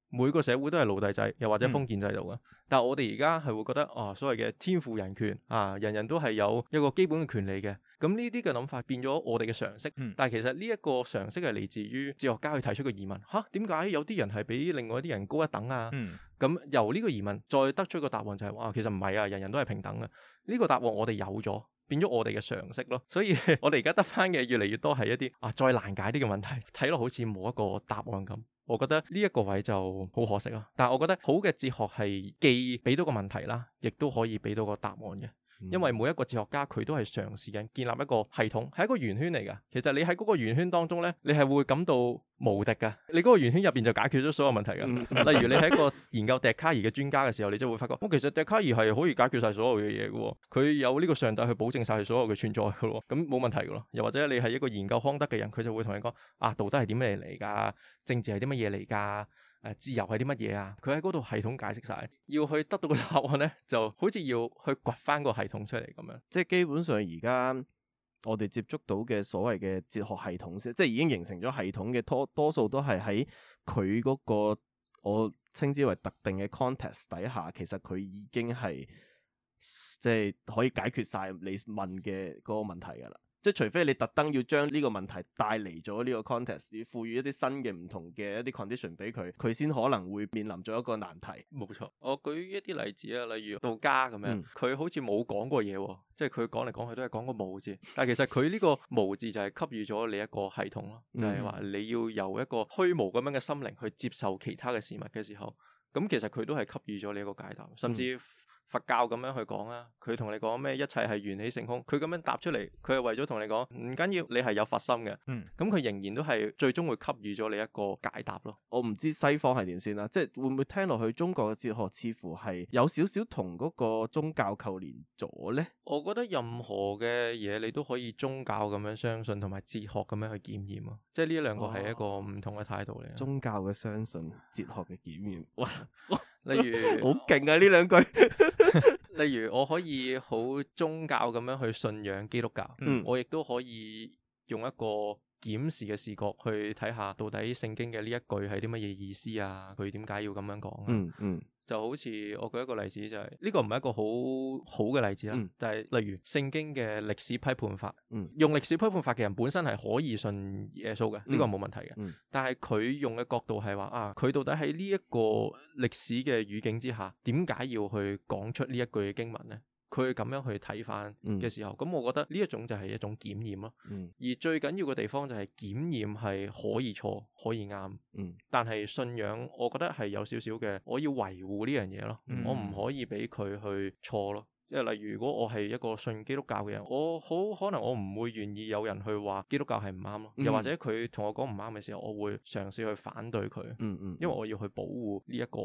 每個社會都係奴隸制，又或者封建制度噶。嗯、但係我哋而家係會覺得，啊，所謂嘅天賦人權啊，人人都係有一個基本嘅權利嘅。咁呢啲嘅諗法變咗我哋嘅常識。嗯、但係其實呢一個常識係嚟自於哲學家去提出個疑問，吓、啊，點解有啲人係比另外啲人高一等啊？咁、嗯啊、由呢個疑問再得出個答案就係，話，哇、啊，其實唔係啊，人人都係平等嘅。呢、呢個答案我哋有咗，變咗我哋嘅常識咯。所以我哋而家得翻嘅越嚟越多係一啲啊，再難解啲嘅問題，睇落好似冇一個答案咁。我覺得呢一個位就好可惜咯、啊，但係我覺得好嘅哲學係既俾到個問題啦，亦都可以俾到個答案嘅。因為每一個哲學家佢都係長時間建立一個系統，係一個圓圈嚟噶。其實你喺嗰個圓圈當中咧，你係會感到無敵噶。你嗰個圓圈入邊就解決咗所有問題噶。例如你喺一個研究笛卡爾嘅專家嘅時候，你就會發覺，咁、哦、其實笛卡爾係可以解決晒所有嘅嘢噶。佢有呢個上帝去保證晒佢所有嘅存在噶，咁冇問題噶咯。又或者你係一個研究康德嘅人，佢就會同你講，啊，道德係點嘅嚟噶，政治係啲乜嘢嚟噶？誒自由係啲乜嘢啊？佢喺嗰度系統解釋晒，要去得到個答案咧，就好似要去掘翻個系統出嚟咁樣。即係基本上而家我哋接觸到嘅所謂嘅哲學系統，即係已經形成咗系統嘅多多數都係喺佢嗰個我稱之為特定嘅 context 底下，其實佢已經係即係可以解決晒你問嘅嗰個問題㗎啦。即除非你特登要將呢個問題帶嚟咗呢個 context，要賦予一啲新嘅唔同嘅一啲 condition 俾佢，佢先可能會面臨咗一個難題。冇錯，我舉一啲例子啊，例如道家咁樣，佢、嗯、好似冇講過嘢喎，即係佢講嚟講去都係講個無字，但係其實佢呢個無字就係給予咗你一個系統咯，就係、是、話你要有一個虛無咁樣嘅心靈去接受其他嘅事物嘅時候，咁其實佢都係給予咗你一個解答，甚至、嗯。佛教咁樣去講啊，佢同你講咩？一切係緣起性空。佢咁樣答出嚟，佢係為咗同你講唔緊要，你係有佛心嘅。嗯，咁佢仍然都係最終會給予咗你一個解答咯。我唔知西方係點先啦，即係會唔會聽落去中國嘅哲學似乎係有少少同嗰個宗教扣連咗呢？我覺得任何嘅嘢你都可以宗教咁樣相信，同埋哲學咁樣去檢驗啊。即係呢兩個係一個唔同嘅態度嚟。哦。宗教嘅相信，哲學嘅檢驗。哇 <laughs> 如，例如 <laughs> 好勁啊！呢兩句。 <laughs> <laughs> 例如，我可以好宗教咁樣去信仰基督教，嗯，我亦都可以用一個檢視嘅視角去睇下，到底聖經嘅呢一句係啲乜嘢意思啊？佢點解要咁樣講啊？嗯，嗯嗯。就好似我舉一個例子，就係，就係呢個唔係一個好好嘅例子啦。嗯、就係例如聖經嘅歷史批判法，嗯、用歷史批判法嘅人本身係可以信耶穌嘅，呢、嗯、個冇問題嘅。嗯、但係佢用嘅角度係話啊，佢到底喺呢一個歷史嘅語境之下，點解要去講出呢一句經文呢？佢咁樣去睇翻嘅時候，咁、嗯、我覺得呢一種就係一種檢驗咯。嗯、而最緊要嘅地方就係檢驗係可以錯可以啱，嗯、但係信仰，我覺得係有少少嘅，我要維護呢樣嘢咯。嗯、我唔可以俾佢去錯咯。即係例如，如果我係一個信基督教嘅人，我好可能我唔會願意有人去話基督教係唔啱咯。嗯、又或者佢同我講唔啱嘅時候，我會嘗試去反對佢，嗯嗯嗯、因為我要去保護呢一個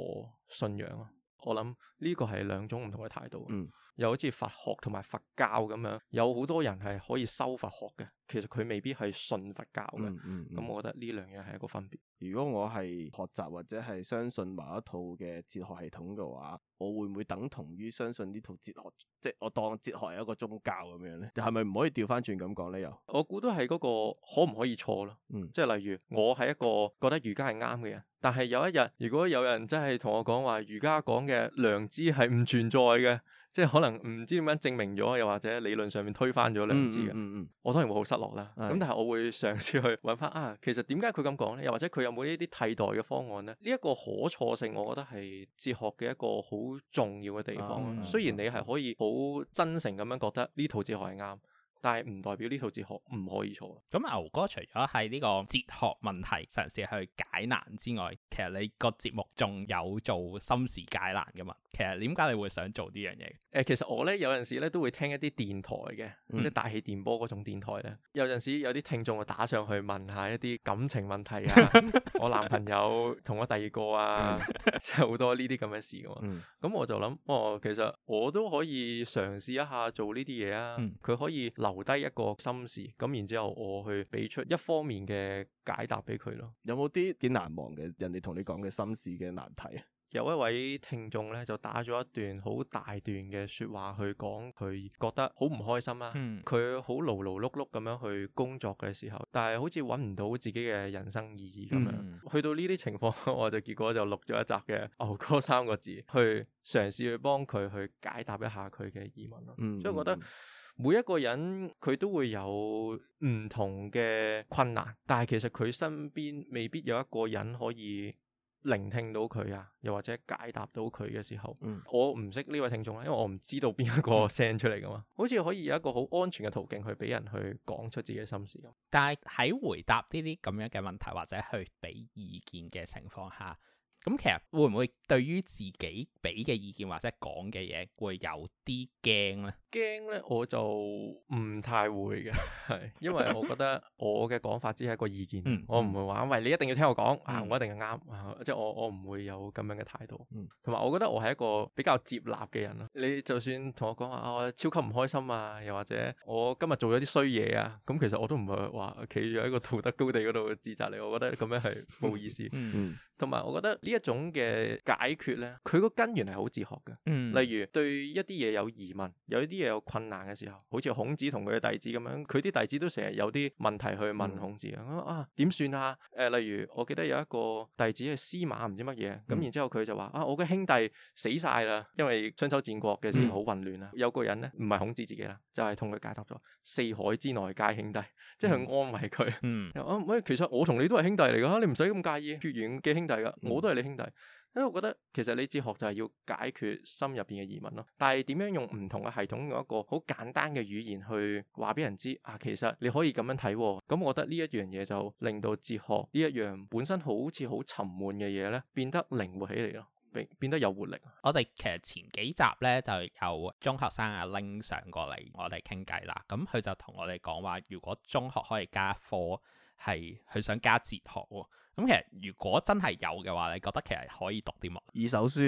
信仰咯。我諗呢個係兩種唔同嘅態度，又好似佛學同埋佛教咁樣，有好多人係可以修佛學嘅，其實佢未必係信佛教嘅，咁、嗯嗯嗯、我覺得呢兩樣係一個分別。如果我係學習或者係相信某一套嘅哲學系統嘅話，我會唔會等同於相信呢套哲學？即係我當哲學係一個宗教咁樣呢？係咪唔可以調翻轉咁講呢？又我估都係嗰個可唔可以錯咯？嗯，即係例如我係一個覺得儒家係啱嘅人，但係有一日如果有人真係同我講話儒家講嘅良知係唔存在嘅。即係可能唔知點樣證明咗，又或者理論上面推翻咗兩次嘅，嗯嗯嗯、我當然會好失落啦。咁的但係我會嘗試去揾翻啊，其實點解佢咁講呢？又或者佢有冇呢啲替代嘅方案呢？呢、這、一個可錯性，我覺得係哲學嘅一個好重要嘅地方。嗯、雖然你係可以好真誠咁樣覺得呢套哲學係啱。嗯嗯但係唔代表呢套哲學唔可以錯啊！咁牛哥除咗喺呢個哲學問題嘗試去解難之外，其實你個節目仲有做心事解難噶嘛？其實點解你會想做呢樣嘢？誒、呃，其實我咧有陣時咧都會聽一啲電台嘅，即、就、係、是、大氣電波嗰種電台啊。嗯、有陣時有啲聽眾會打上去問一下一啲感情問題啊， <laughs> 我男朋友同我第二個啊，即係好多呢啲咁嘅事噶、啊、嘛。咁、嗯、我就諗，哦，其實我都可以嘗試一下做呢啲嘢啊。佢、嗯、可以留低一個心事，咁然之後我去俾出一方面嘅解答俾佢咯。有冇啲幾難忘嘅人哋同你講嘅心事嘅難題啊？有一位聽眾咧就打咗一段好大段嘅說話去講，佢覺得好唔開心啦。佢好勞勞碌碌咁樣去工作嘅時候，但係好似揾唔到自己嘅人生意義咁樣。嗯，去到呢啲情況，我就結果就錄咗一集嘅牛哥三個字，去嘗試去幫佢去解答一下佢嘅疑問咯。嗯，所以我覺得。每一個人佢都會有唔同嘅困難，但係其實佢身邊未必有一個人可以聆聽到佢啊，又或者解答到佢嘅時候，嗯，我唔識呢位聽眾啦，因為我唔知道邊一個聲出嚟噶嘛好似可以有一個好安全嘅途徑去俾人去講出自己嘅心事咁。但係喺回答呢啲咁樣嘅問題或者去俾意見嘅情況下，咁其實會唔會對於自己俾嘅意見或者講嘅嘢會有啲驚咧？驚咧，我就唔太會嘅，係，因為我覺得我嘅講法只係一個意見， <laughs> 我唔會話喂，你一定要聽我講，啊，我一定係啱，啊，即係我我唔會有咁樣嘅態度，同埋我覺得我係一個比較接納嘅人咯，你就算同我講話我超級唔開心啊，又或者我今日做咗啲衰嘢啊，咁其實我都唔係話企住喺個道德高地嗰度自責你，我覺得咁樣係冇意思，同埋， <laughs> 嗯，我覺得呢一種嘅解決呢，佢個根源係好哲學嘅，例如對一啲嘢有疑問，有啲。有困難嘅時候，好似孔子同佢嘅弟子咁樣，佢啲弟子都成日有啲問題去問孔子，嗯、啊，啊點算啊？誒、呃，例如我記得有一個弟子係司馬唔知乜嘢，咁、嗯、然之後佢就話啊，我嘅兄弟死晒啦，因為春秋戰國嘅時候好混亂啦。嗯、有個人呢，唔係孔子自己啦，就係同佢解答咗四海之內皆兄弟，即係安慰佢。嗯，喂， <laughs> 其實我同你都係兄弟嚟噶，你唔使咁介意，血緣嘅兄弟噶，我都係你兄弟。嗯 <laughs> 因為我覺得其實你哲學就係要解決心入邊嘅疑問咯，但係點樣用唔同嘅系統用一個好簡單嘅語言去話俾人知啊？其實你可以咁樣睇、哦、咁、嗯、我覺得呢一樣嘢就令到哲學呢一樣本身好似好沉悶嘅嘢咧，變得靈活起嚟咯，變得有活力。我哋其實前幾集咧就有中學生阿、啊、拎上過嚟，我哋傾偈啦。咁、嗯、佢就同我哋講話，如果中學可以加科，係佢想加哲學、哦。咁其實如果真係有嘅話，你覺得其實可以讀啲乜？二手書。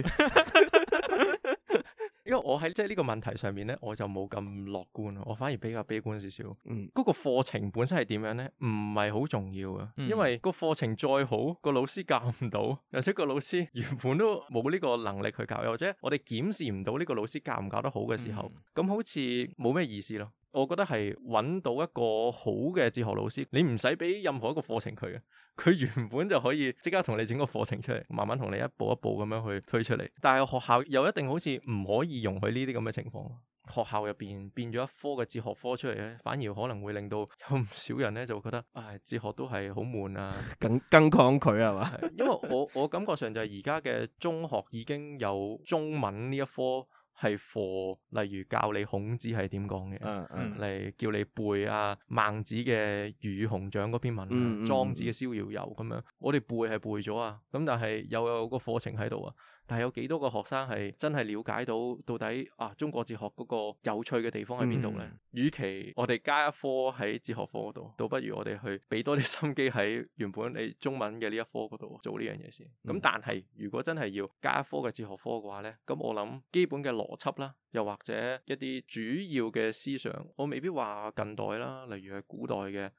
<laughs> <laughs> 因為我喺即係呢個問題上面咧，我就冇咁樂觀，我反而比較悲觀少少。嗯，嗰個課程本身係點樣咧？唔係好重要啊。因為個課程再好，個老師教唔到，又或者個老師原本都冇呢個能力去教，又或者我哋檢視唔到呢個老師教唔教得好嘅時候，咁、嗯、好似冇咩意思咯。我覺得係揾到一個好嘅哲學老師，你唔使俾任何一個課程佢嘅，佢原本就可以即刻同你整個課程出嚟，慢慢同你一步一步咁樣去推出嚟。但係學校又一定好似唔可以容許呢啲咁嘅情況，學校入邊變咗一科嘅哲學科出嚟咧，反而可能會令到有唔少人咧就覺得，唉、哎，哲學都係好悶啊，更更抗拒係嘛？ <laughs> 因為我我感覺上就係而家嘅中學已經有中文呢一科。係課，for, 例如教你孔子係點講嘅，嚟、uh, uh, 嗯、叫你背啊孟子嘅魚與熊掌嗰篇文，啊，莊、uh, um, 子嘅逍遙遊咁樣，我哋背係背咗啊，咁但係又有個課程喺度啊。但有幾多個學生係真係了解到到底啊中國哲學嗰個有趣嘅地方喺邊度呢？嗯、與其我哋加一科喺哲學科度，倒不如我哋去俾多啲心機喺原本你中文嘅呢一科嗰度做呢樣嘢先。咁但係如果真係要加一科嘅哲學科嘅話呢，咁我諗基本嘅邏輯啦，又或者一啲主要嘅思想，我未必話近代啦，例如係古代嘅。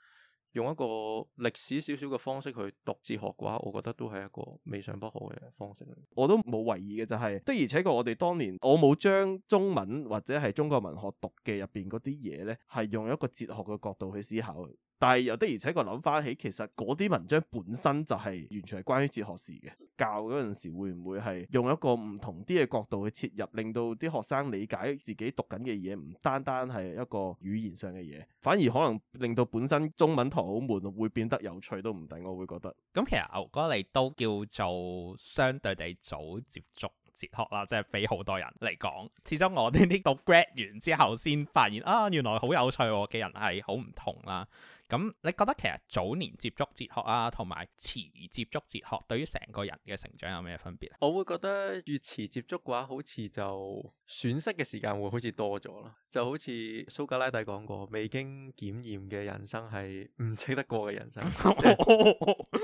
用一個歷史少少嘅方式去讀哲學嘅話，我覺得都係一個未嘗不可嘅方式。我都冇為意嘅就係、是，的而且確我哋當年我冇將中文或者係中國文學讀嘅入邊嗰啲嘢咧，係用一個哲學嘅角度去思考。但係又的而且確諗翻起，其實嗰啲文章本身就係完全係關於哲學事嘅。教嗰陣時會唔會係用一個唔同啲嘅角度去切入，令到啲學生理解自己讀緊嘅嘢，唔單單係一個語言上嘅嘢，反而可能令到本身中文堂好悶，會變得有趣都唔定。我會覺得。咁其實牛哥你都叫做相對地早接觸哲學啦，即係比好多人嚟講。始終我哋呢讀 grad 完之後先發現啊，原來好有趣嘅、啊、人係好唔同啦、啊。咁你覺得其實早年接觸哲學啊，同埋遲接觸哲學，對於成個人嘅成長有咩分別啊？我會覺得越遲接觸嘅話，好似就損失嘅時間會好似多咗咯。就好似蘇格拉底講過，未經檢驗嘅人生係唔值得過嘅人生。 <laughs> <laughs> <laughs>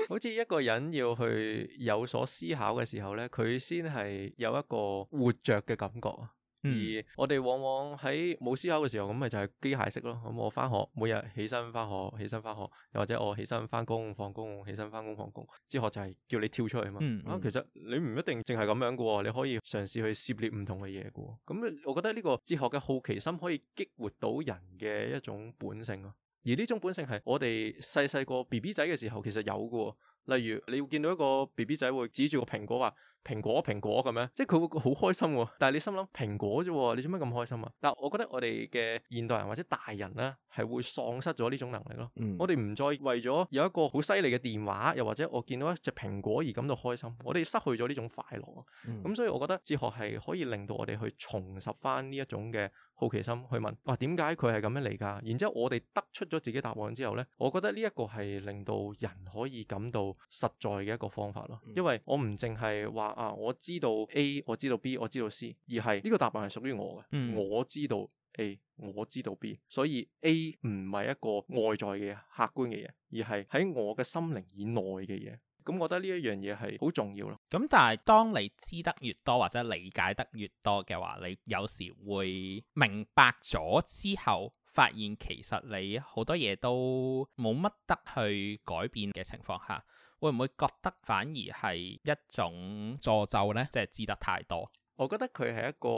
好似一個人要去有所思考嘅時候咧，佢先係有一個活着嘅感覺啊。而我哋往往喺冇思考嘅時候，咁咪就係機械式咯。咁我翻學每日起身翻學，起身翻學，又或者我起身翻工放工，起身翻工放工。哲學就係叫你跳出去嘛。嗯嗯、啊，其實你唔一定淨係咁樣嘅喎，你可以嘗試去涉獵唔同嘅嘢嘅喎。咁我覺得呢個哲學嘅好奇心可以激活到人嘅一種本性咯。而呢種本性係我哋細細個 B B 仔嘅時候其實有嘅喎。例如你會見到一個 B B 仔會指住個蘋果話。蘋果蘋果咁樣，即係佢會好開心喎。但係你心諗蘋果啫，你做咩咁開心啊？但係我覺得我哋嘅現代人或者大人呢，係會喪失咗呢種能力咯。嗯、我哋唔再為咗有一個好犀利嘅電話，又或者我見到一隻蘋果而感到開心，我哋失去咗呢種快樂。咁、嗯、所以我覺得哲學係可以令到我哋去重拾翻呢一種嘅。好奇心去問，哇，點解佢係咁樣嚟噶？然之後我哋得出咗自己答案之後呢，我覺得呢一個係令到人可以感到實在嘅一個方法咯。因為我唔淨係話啊，我知道 A，我知道 B，我知道 C，而係呢個答案係屬於我嘅。嗯、我知道 A、我知道 B，所以 A 唔係一個外在嘅客觀嘅嘢，而係喺我嘅心靈以內嘅嘢。咁我覺得呢一樣嘢係好重要咯。咁、嗯、但係當你知得越多或者理解得越多嘅話，你有時會明白咗之後，發現其實你好多嘢都冇乜得去改變嘅情況下，會唔會覺得反而係一種詛咒呢？即、就、係、是、知得太多。我覺得佢係一個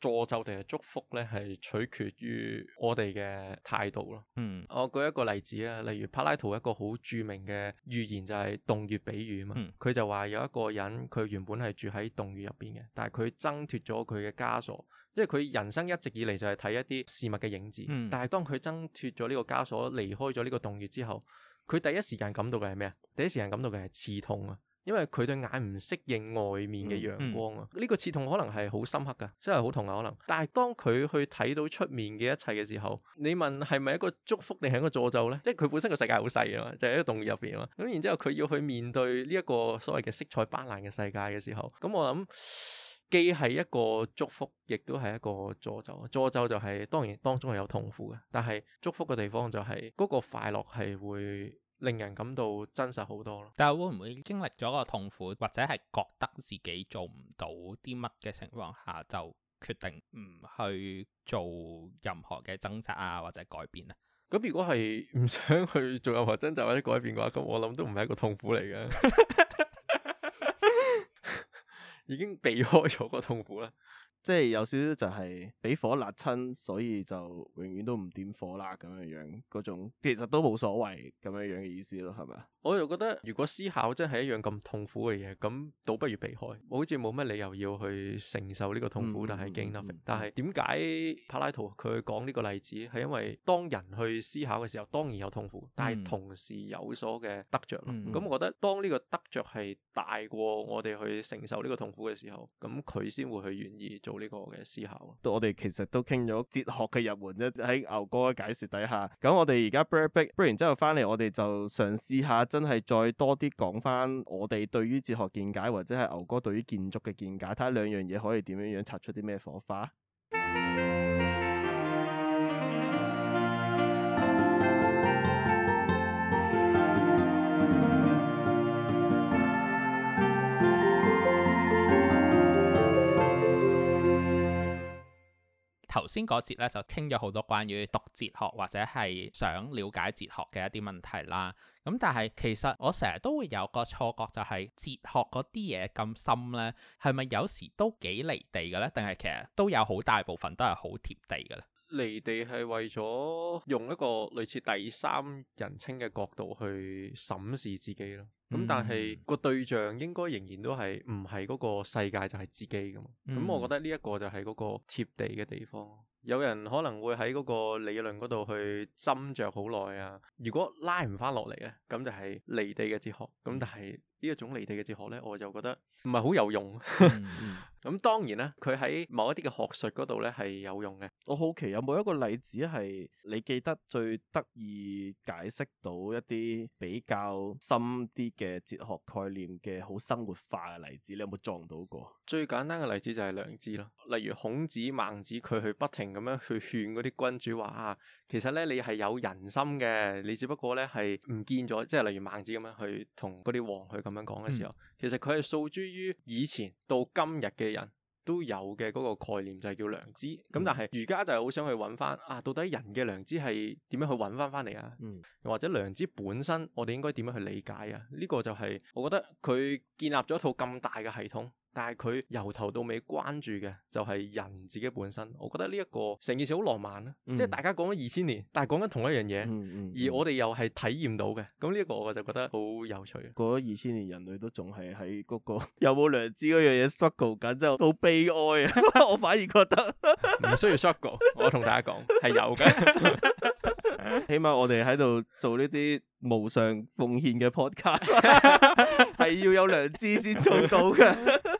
詛咒定係祝福呢，係取決於我哋嘅態度咯。嗯，我舉一個例子啊，例如柏拉圖一個好著名嘅寓言就係洞穴比喻啊嘛。佢、嗯、就話有一個人，佢原本係住喺洞穴入邊嘅，但係佢掙脫咗佢嘅枷鎖，因為佢人生一直以嚟就係睇一啲事物嘅影子。嗯、但係當佢掙脫咗呢個枷鎖，離開咗呢個洞穴之後，佢第一時間感到嘅係咩啊？第一時間感到嘅係刺痛啊！因為佢對眼唔適應外面嘅陽光啊，呢、嗯嗯、個刺痛可能係好深刻噶，真係好痛啊！可能，但係當佢去睇到出面嘅一切嘅時候，你問係咪一個祝福定係一個詛咒呢？即係佢本身個世界好細啊，就喺、是、個洞穴入邊啊，咁然之後佢要去面對呢一個所謂嘅色彩斑斕嘅世界嘅時候，咁、嗯、我諗既係一個祝福，亦都係一個詛咒。詛咒就係、是、當然當中係有痛苦嘅，但係祝福嘅地方就係嗰個快樂係會。令人感到真實好多咯，但係會唔會經歷咗個痛苦，或者係覺得自己做唔到啲乜嘅情況下，就決定唔去做任何嘅掙扎啊，或者改變啊？咁如果係唔想去做任何掙扎或者改變嘅話，咁我諗都唔係一個痛苦嚟嘅。 <laughs> <laughs> 已經避開咗個痛苦啦。即係有少少就係俾火辣親，所以就永遠都唔點火啦咁樣樣嗰種，其實都冇所謂咁樣樣嘅意思咯，係咪啊？我就覺得如果思考真係一樣咁痛苦嘅嘢，咁倒不如避開，好似冇乜理由要去承受呢個痛苦。嗯、但係驚得。嗯嗯、但係點解柏拉圖佢講呢個例子，係因為當人去思考嘅時候，當然有痛苦，但係同時有所嘅得着。咁、嗯嗯、我覺得當呢個得着係大過我哋去承受呢個痛苦嘅時候，咁佢先會去願意。做呢個嘅思考。啊，我哋其實都傾咗哲學嘅入門啫。喺牛哥嘅解說底下，咁我哋而家 break break 完之後翻嚟，我哋就嘗試下真係再多啲講翻我哋對於哲學見解，或者係牛哥對於建築嘅見解，睇下兩樣嘢可以點樣樣擦出啲咩火花。 <music> 頭先嗰節咧就傾咗好多關於讀哲學或者係想了解哲學嘅一啲問題啦。咁、嗯、但係其實我成日都會有個錯覺，就係哲學嗰啲嘢咁深呢，係咪有時都幾離地嘅呢？定係其實都有好大部分都係好貼地嘅咧？離地係為咗用一個類似第三人稱嘅角度去審視自己咯，咁、嗯、但係個對象應該仍然都係唔係嗰個世界，就係自己㗎嘛。咁、嗯嗯、我覺得呢一個就係嗰個貼地嘅地方。有人可能會喺嗰個理論嗰度去斟酌好耐啊。如果拉唔翻落嚟咧，咁就係離地嘅哲學。咁但係，呢一種離地嘅哲學咧，我就覺得唔係好有用。咁 <laughs> 當然啦，佢喺某一啲嘅學術嗰度咧係有用嘅。我好奇有冇一個例子係你記得最得意解釋到一啲比較深啲嘅哲學概念嘅好生活化嘅例子？你有冇撞到過？最簡單嘅例子就係良知咯。例如孔子、孟子，佢去不停咁樣去勸嗰啲君主話：啊，其實咧你係有人心嘅，你只不過咧係唔見咗。即係例如孟子咁樣去同嗰啲王去。咁樣講嘅時候，嗯、其實佢係訴諸於以前到今日嘅人都有嘅嗰個概念，就係叫良知。咁、嗯、但係儒家就係好想去揾翻啊，到底人嘅良知係點樣去揾翻翻嚟啊？嗯、或者良知本身，我哋應該點樣去理解啊？呢、呢個就係我覺得佢建立咗一套咁大嘅系統。但係佢由頭到尾關注嘅就係人自己本身，我覺得呢一個成件事好浪漫啦、啊嗯，即係大家講咗二千年，但係講緊同一樣嘢，嗯嗯、而我哋又係體驗到嘅，咁呢一個我就覺得好有趣。過咗二千年，人類都仲係喺嗰個 <laughs> 有冇良知嗰樣嘢 struggle，緊之後好悲哀啊！ <laughs> <laughs> 我反而覺得唔 <laughs> 需要 struggle，我同大家講係 <laughs> 有嘅，起 <laughs> 碼 <laughs> 我哋喺度做呢啲無償奉獻嘅 podcast，係 <laughs> <laughs> 要有良知先做到嘅。 <laughs>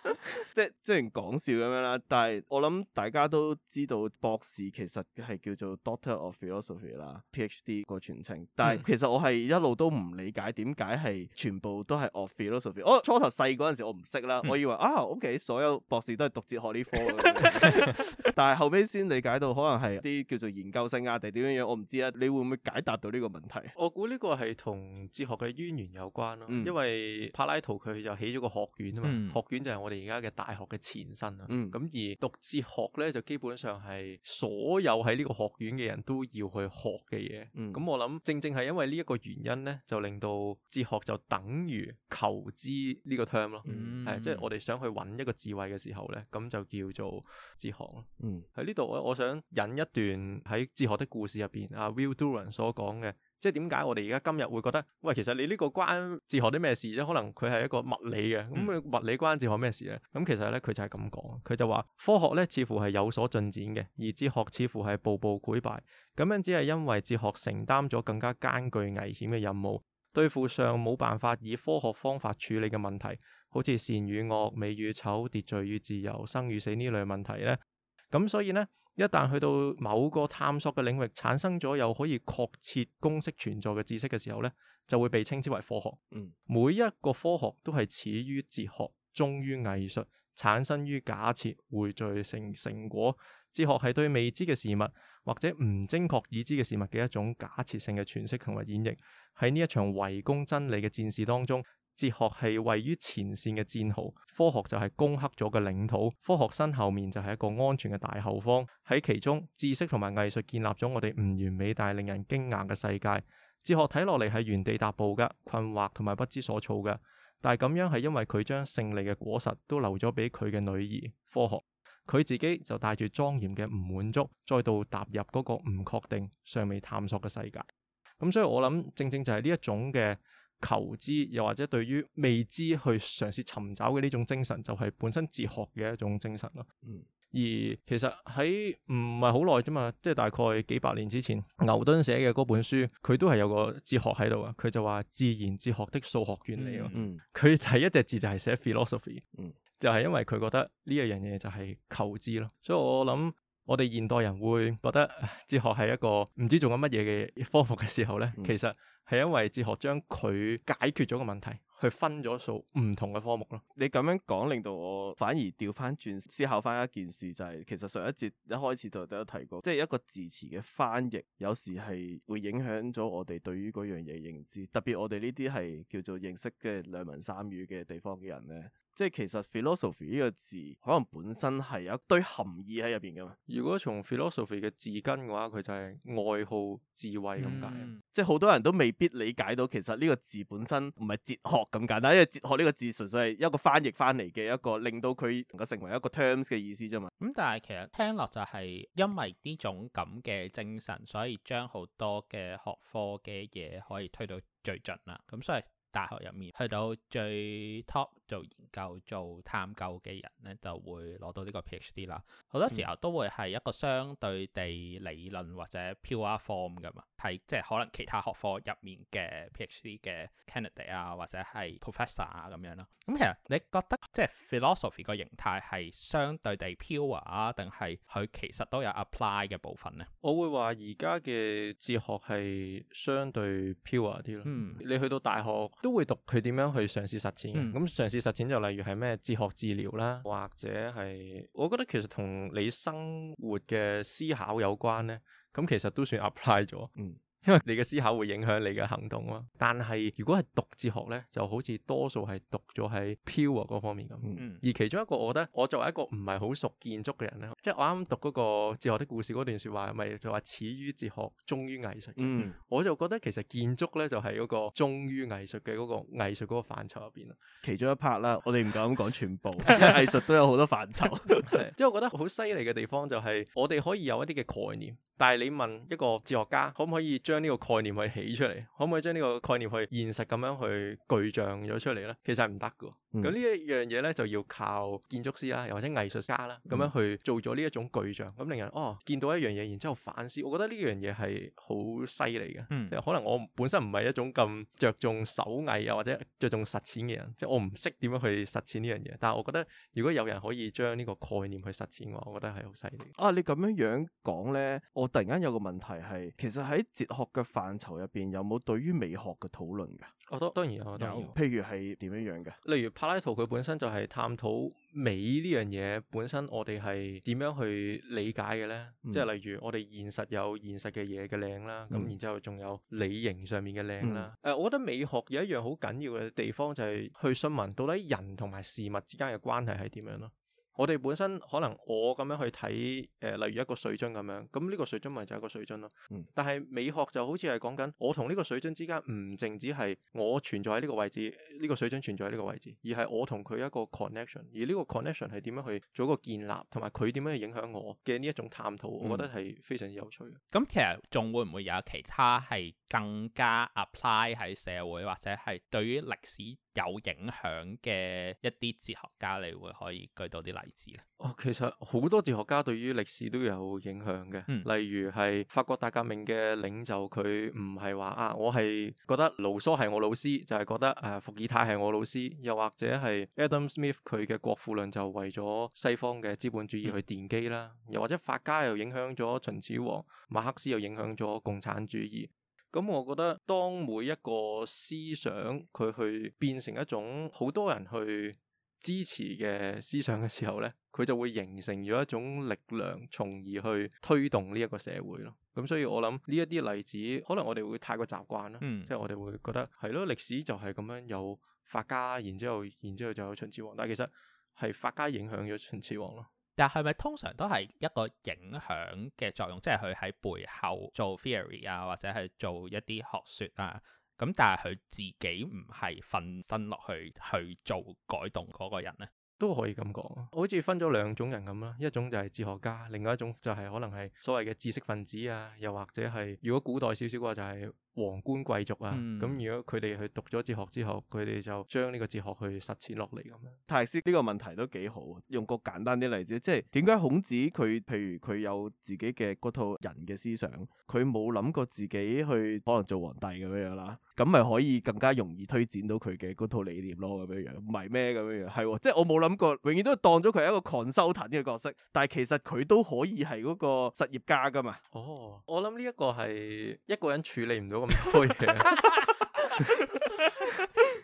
<laughs> 即係即係講笑咁樣啦，但係我諗大家都知道博士其實係叫做 Doctor of Philosophy 啦，PhD 個全程。但係其實我係一路都唔理解點解係全部都係 of Philosophy、哦。我初頭細嗰陣時我唔識啦，嗯、我以為啊，OK 所有博士都係讀哲學呢科。 <laughs> 但係後尾先理解到可能係啲叫做研究生啊，定點樣樣我唔知啦、啊。你會唔會解答到呢個問題？我估呢個係同哲學嘅淵源有關咯、啊，嗯、因為柏拉圖佢就起咗個學院啊嘛，嗯、學院就係我哋而家嘅大學嘅前身啊，咁、嗯、而讀哲學咧就基本上係所有喺呢個學院嘅人都要去學嘅嘢。咁、嗯、我諗正正係因為呢一個原因咧，就令到哲學就等於求知呢個 term 咯，係即係我哋想去揾一個智慧嘅時候咧，咁就叫做哲學咯。喺呢度我我想引一段喺哲學的故事入邊，阿 Will、嗯、Durant 所講嘅。即係點解我哋而家今日會覺得，喂，其實你呢個關哲學啲咩事啫？可能佢係一個物理嘅，咁、嗯、物理關哲學咩事咧？咁其實咧，佢就係咁講，佢就話科學咧似乎係有所進展嘅，而哲學似乎係步步潰敗。咁樣只係因為哲學承擔咗更加艱巨危險嘅任務，對付上冇辦法以科學方法處理嘅問題，好似善與惡、美與醜、秩序與自由、生與死呢類問題咧。咁所以呢，一旦去到某個探索嘅領域，產生咗有可以確切公式存在嘅知識嘅時候呢，就會被稱之為科學。嗯，每一個科學都係始於哲學，終於藝術，產生於假設，匯聚成成果。哲學係對未知嘅事物或者唔精確已知嘅事物嘅一種假設性嘅詮釋同埋演繹。喺呢一場圍攻真理嘅戰事當中，哲學係位於前線嘅戰壕，科學就係攻克咗嘅領土，科學身後面就係一個安全嘅大後方。喺其中，知識同埋藝術建立咗我哋唔完美但係令人驚訝嘅世界。哲學睇落嚟係原地踏步嘅，困惑同埋不知所措嘅。但係咁樣係因為佢將勝利嘅果實都留咗俾佢嘅女兒科學，佢自己就帶住莊嚴嘅唔滿足，再度踏入嗰個唔確定、尚未探索嘅世界。咁所以我諗，正正就係呢一種嘅。求知又或者對於未知去嘗試尋找嘅呢種精神，就係、是、本身哲學嘅一種精神咯。嗯、而其實喺唔係好耐啫嘛，即、就、係、是、大概幾百年之前，嗯、牛頓寫嘅嗰本書，佢都係有個哲學喺度啊。佢就話自然哲學的數學原理，嗯。嗯，佢第一隻字就係寫 philosophy。嗯，就係因為佢覺得呢一樣嘢就係求知咯。所以我諗，我哋現代人會覺得哲學係一個唔知做緊乜嘢嘅科目嘅時候呢。嗯、其實。係因為哲學將佢解決咗個問題，去分咗數唔同嘅科目咯。你咁樣講，令到我反而調翻轉思考翻一件事，就係、是、其實上一節一開始就都有提過，即係一個字詞嘅翻譯，有時係會影響咗我哋對於嗰樣嘢嘅認知。特別我哋呢啲係叫做認識嘅兩文三語嘅地方嘅人咧，即係其實 philosophy 呢個字可能本身係有一堆含義喺入邊噶嘛。如果從 philosophy 嘅字根嘅話，佢就係愛好智慧咁解。嗯、即係好多人都未。必理解到，其實呢個字本身唔係哲學咁簡單，因為哲學呢個字純粹係一個翻譯返嚟嘅一個，令到佢能夠成為一個 terms 嘅意思啫嘛。咁、嗯、但係其實聽落就係因為呢種咁嘅精神，所以將好多嘅學科嘅嘢可以推到最盡啦。咁所以。大學入面去到最 top 做研究做探究嘅人咧，就會攞到呢個 PhD 啦。好多時候都會係一個相對地理論或者 pure form 噶嘛，喺、嗯、即係可能其他學科入面嘅 PhD 嘅 candidate 啊，或者係 professor 啊咁樣囉。咁、嗯嗯、其實你覺得即係、就是、philosophy 個形態係相對地 pure 啊，定係佢其實都有 apply 嘅部分呢？我會話而家嘅哲學係相對 pure 啲咯。嗯，你去到大學。都會讀佢點樣去嘗試實踐嘅，咁嘗試實踐就例如係咩哲學治療啦，或者係我覺得其實同你生活嘅思考有關呢。咁其實都算 apply 咗，嗯。因為你嘅思考會影響你嘅行動咯，但係如果係讀哲學咧，就好似多數係讀咗喺 pure 嗰方面咁。嗯、而其中一個我覺得，我作為一個唔係好熟建築嘅人咧，即係我啱啱讀嗰、那個哲學的故事嗰段說話，咪就話、是、始於哲學，終於藝術。嗯，我就覺得其實建築咧就係、是、嗰個終於藝術嘅嗰個藝術嗰個範疇入邊其中一 part 啦。我哋唔敢咁講全部， <laughs> 藝術都有好多範疇。 <laughs> <laughs> <laughs> 即係我覺得好犀利嘅地方就係，我哋可以有一啲嘅概念，但係你問一個哲學家可唔可以？將呢個概念去起出嚟，可唔可以將呢個概念去現實咁樣去具象咗出嚟咧？其實，係唔得噶。咁、嗯、呢一樣嘢咧，就要靠建築師啦，又或者藝術家啦，咁樣去做咗呢一種具象，咁、嗯、令人哦見到一樣嘢，然之後反思。我覺得呢樣嘢係好犀利嘅，嗯、即可能我本身唔係一種咁着重手藝啊，或者着重實踐嘅人，即係我唔識點樣去實踐呢樣嘢。但係我覺得，如果有人可以將呢個概念去實踐嘅話，我覺得係好犀利。啊，你咁樣樣講咧，我突然間有個問題係，其實喺哲學嘅範疇入邊，有冇對於美學嘅討論㗎？我都、哦、當然，哦、當然有，有。譬如係點樣樣嘅？例如。柏拉圖佢本身就係探討美呢樣嘢本身，我哋係點樣去理解嘅呢？嗯、即係例如我哋現實有現實嘅嘢嘅靚啦，咁、嗯、然之後仲有理型上面嘅靚啦。誒、我覺得美學有一樣好緊要嘅地方就係去詢問到底人同埋事物之間嘅關係係點樣咯。我哋本身可能我咁樣去睇，誒、呃，例如一個水樽咁樣，咁、這、呢個水樽咪就係一個水樽咯。嗯、但係美學就好似係講緊，我同呢個水樽之間唔淨止係我存在喺呢個位置，呢、這個水樽存在喺呢個位置，而係我同佢一個 connection。而呢個 connection 係點樣去做一個建立，同埋佢點樣去影響我嘅呢一種探討，嗯、我覺得係非常有趣。咁、嗯、其實仲會唔會有其他係更加 apply 喺社會或者係對於歷史？有影響嘅一啲哲學家，你會可以舉到啲例子咧？哦，其實好多哲學家對於歷史都有影響嘅。嗯、例如係法國大革命嘅領袖，佢唔係話啊，我係覺得盧梭係我老師，就係覺得誒伏爾泰係我老師，又或者係 Adam Smith 佢嘅《國富論》就為咗西方嘅資本主義去奠基啦。嗯、又或者法家又影響咗秦始皇，馬克思又影響咗共產主義。咁我覺得，當每一個思想佢去變成一種好多人去支持嘅思想嘅時候呢，佢就會形成咗一種力量，從而去推動呢一個社會咯。咁所以我諗呢一啲例子，可能我哋會太過習慣啦，嗯、即係我哋會覺得係咯，歷史就係咁樣有法家，然之後，然之後就有秦始皇，但係其實係法家影響咗秦始皇咯。但係咪通常都係一個影響嘅作用，即係佢喺背後做 theory 啊，或者係做一啲學説啊，咁但係佢自己唔係奮身落去去做改動嗰個人呢，都可以咁講。好似分咗兩種人咁啦，一種就係哲學家，另外一種就係可能係所謂嘅知識分子啊，又或者係如果古代少少嘅話就係、係。王冠貴族啊，咁、嗯、如果佢哋去讀咗哲學之後，佢哋就將呢個哲學去實踐落嚟，咁樣。泰師呢個問題都幾好，用個簡單啲例子，即係點解孔子佢譬如佢有自己嘅嗰套人嘅思想，佢冇諗過自己去可能做皇帝咁樣啦。咁咪可以更加容易推展到佢嘅嗰套理念咯，咁樣樣唔係咩？咁樣樣，係什，即係、哦就是、我冇諗過永遠都當咗佢係一個 consultant 呢個角色，但係其實佢都可以係嗰個實業家噶嘛。哦，我諗呢一個係一個人處理唔到咁多嘢，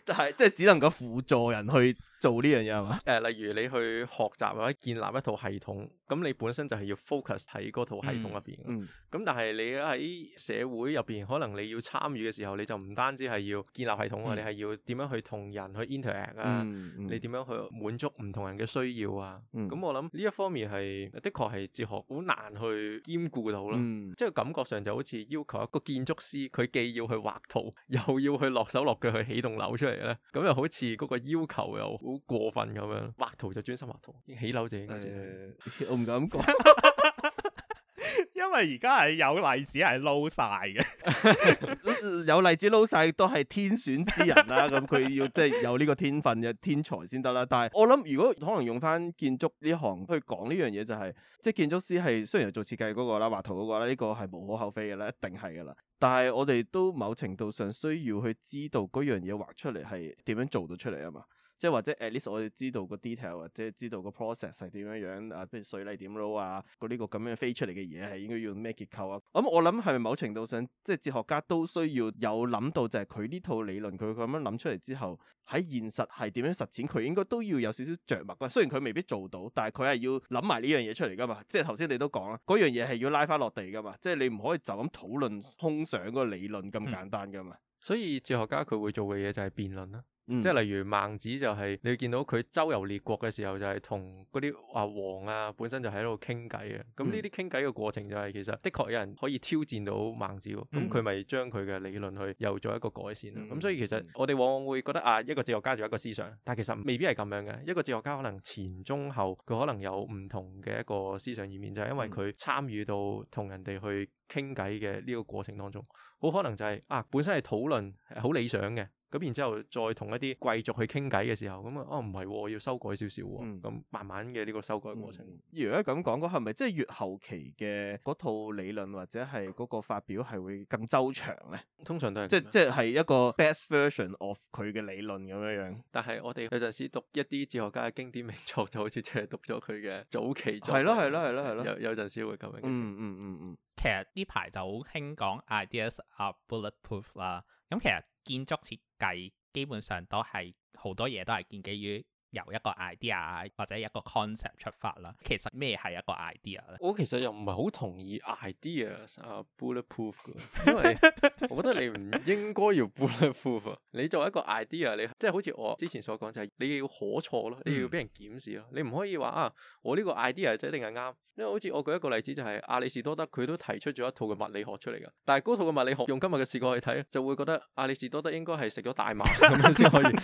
但係即係只能夠輔助人去。做呢樣嘢係嘛？誒、呃，例如你去學習或者建立一套系統，咁你本身就係要 focus 喺嗰套系統入邊、嗯。嗯。咁但係你喺社會入邊，可能你要參與嘅時候，你就唔單止係要建立系統啊，嗯、你係要點樣去同人去 interact 啊、嗯？嗯、你點樣去滿足唔同人嘅需要啊？咁、嗯、我諗呢一方面係的確係哲學好難去兼顧到啦。即係、嗯、感覺上就好似要求一個建築師，佢既要去畫圖，又要去落手落腳去起棟樓出嚟咧，咁又好似嗰個要求又。好過分咁樣，畫圖就專心畫圖，起樓就應該係、欸、我唔敢講， <laughs> <laughs> 因為而家係有例子係撈晒嘅，有例子撈晒都係天選之人啦。咁佢 <laughs> 要即係有呢個天分嘅天才先得啦。但係我諗，如果可能用翻建築呢行去講呢樣嘢，就係即係建築師係雖然係做設計嗰個啦，畫圖嗰個啦，呢個係無可厚非嘅啦，一定係噶啦。但係我哋都某程度上需要去知道嗰樣嘢畫出嚟係點樣做到出嚟啊嘛。即係或者 at least 我哋知道個 detail 或者知道個 process 係點樣樣啊，譬如水力點攞啊，嗰、這、呢個咁樣飛出嚟嘅嘢係應該要咩結構啊？咁、嗯、我諗係咪某程度上，即係哲學家都需要有諗到，就係佢呢套理論，佢咁樣諗出嚟之後，喺現實係點樣實踐，佢應該都要有少少着墨。雖然佢未必做到，但係佢係要諗埋呢樣嘢出嚟㗎嘛。即係頭先你都講啦，嗰樣嘢係要拉翻落地㗎嘛。即係你唔可以就咁討論空想個理論咁簡單㗎嘛、嗯。所以哲學家佢會做嘅嘢就係辯論啦。即係例如孟子就係你見到佢周遊列國嘅時候，就係同嗰啲阿王啊本身就喺度傾偈啊。咁呢啲傾偈嘅過程就係其實的確有人可以挑戰到孟子，咁佢咪將佢嘅理論去又做一個改善咯。咁所以其實我哋往往會覺得啊，一個哲學家就一個思想，但其實未必係咁樣嘅。一個哲學家可能前中後佢可能有唔同嘅一個思想演變，就係因為佢參與到同人哋去傾偈嘅呢個過程當中，好可能就係啊本身係討論好理想嘅。咁然之後再同一啲貴族去傾偈嘅時候，咁、哦、啊，哦唔係，我要修改少少喎。咁、嗯、慢慢嘅呢個修改過程。而家咁講，嗰係咪即係越後期嘅嗰套理論或者係嗰個發表係會更周詳咧？通常都係，即即係一個 best version of 佢嘅理論咁樣樣。但係我哋有陣時讀一啲哲學家嘅經典名作，就好似只係讀咗佢嘅早期作。係咯係咯係咯係咯。有有陣時會咁樣，嗯。嗯嗯嗯嗯。嗯，其實呢排就好興講 ideas are bulletproof 啦。咁其實。建築設計基本上都係好多嘢都係建基於，由一個 idea 或者一個 concept 出發啦，其實咩係一個 idea 咧？我其實又唔係好同意 ideas 啊 bulletproof，因為我覺得你唔應該要 bulletproof。你作為一個 idea，你即係好似我之前所講就係你要可錯咯，你要俾人檢視咯，嗯、你唔可以話啊我呢個 idea 就一定係啱。因為好似我舉一個例子就係、是、亞里士多德佢都提出咗一套嘅物理學出嚟噶，但係嗰套嘅物理學用今日嘅視角去睇，就會覺得亞里士多德應該係食咗大麻咁樣先可以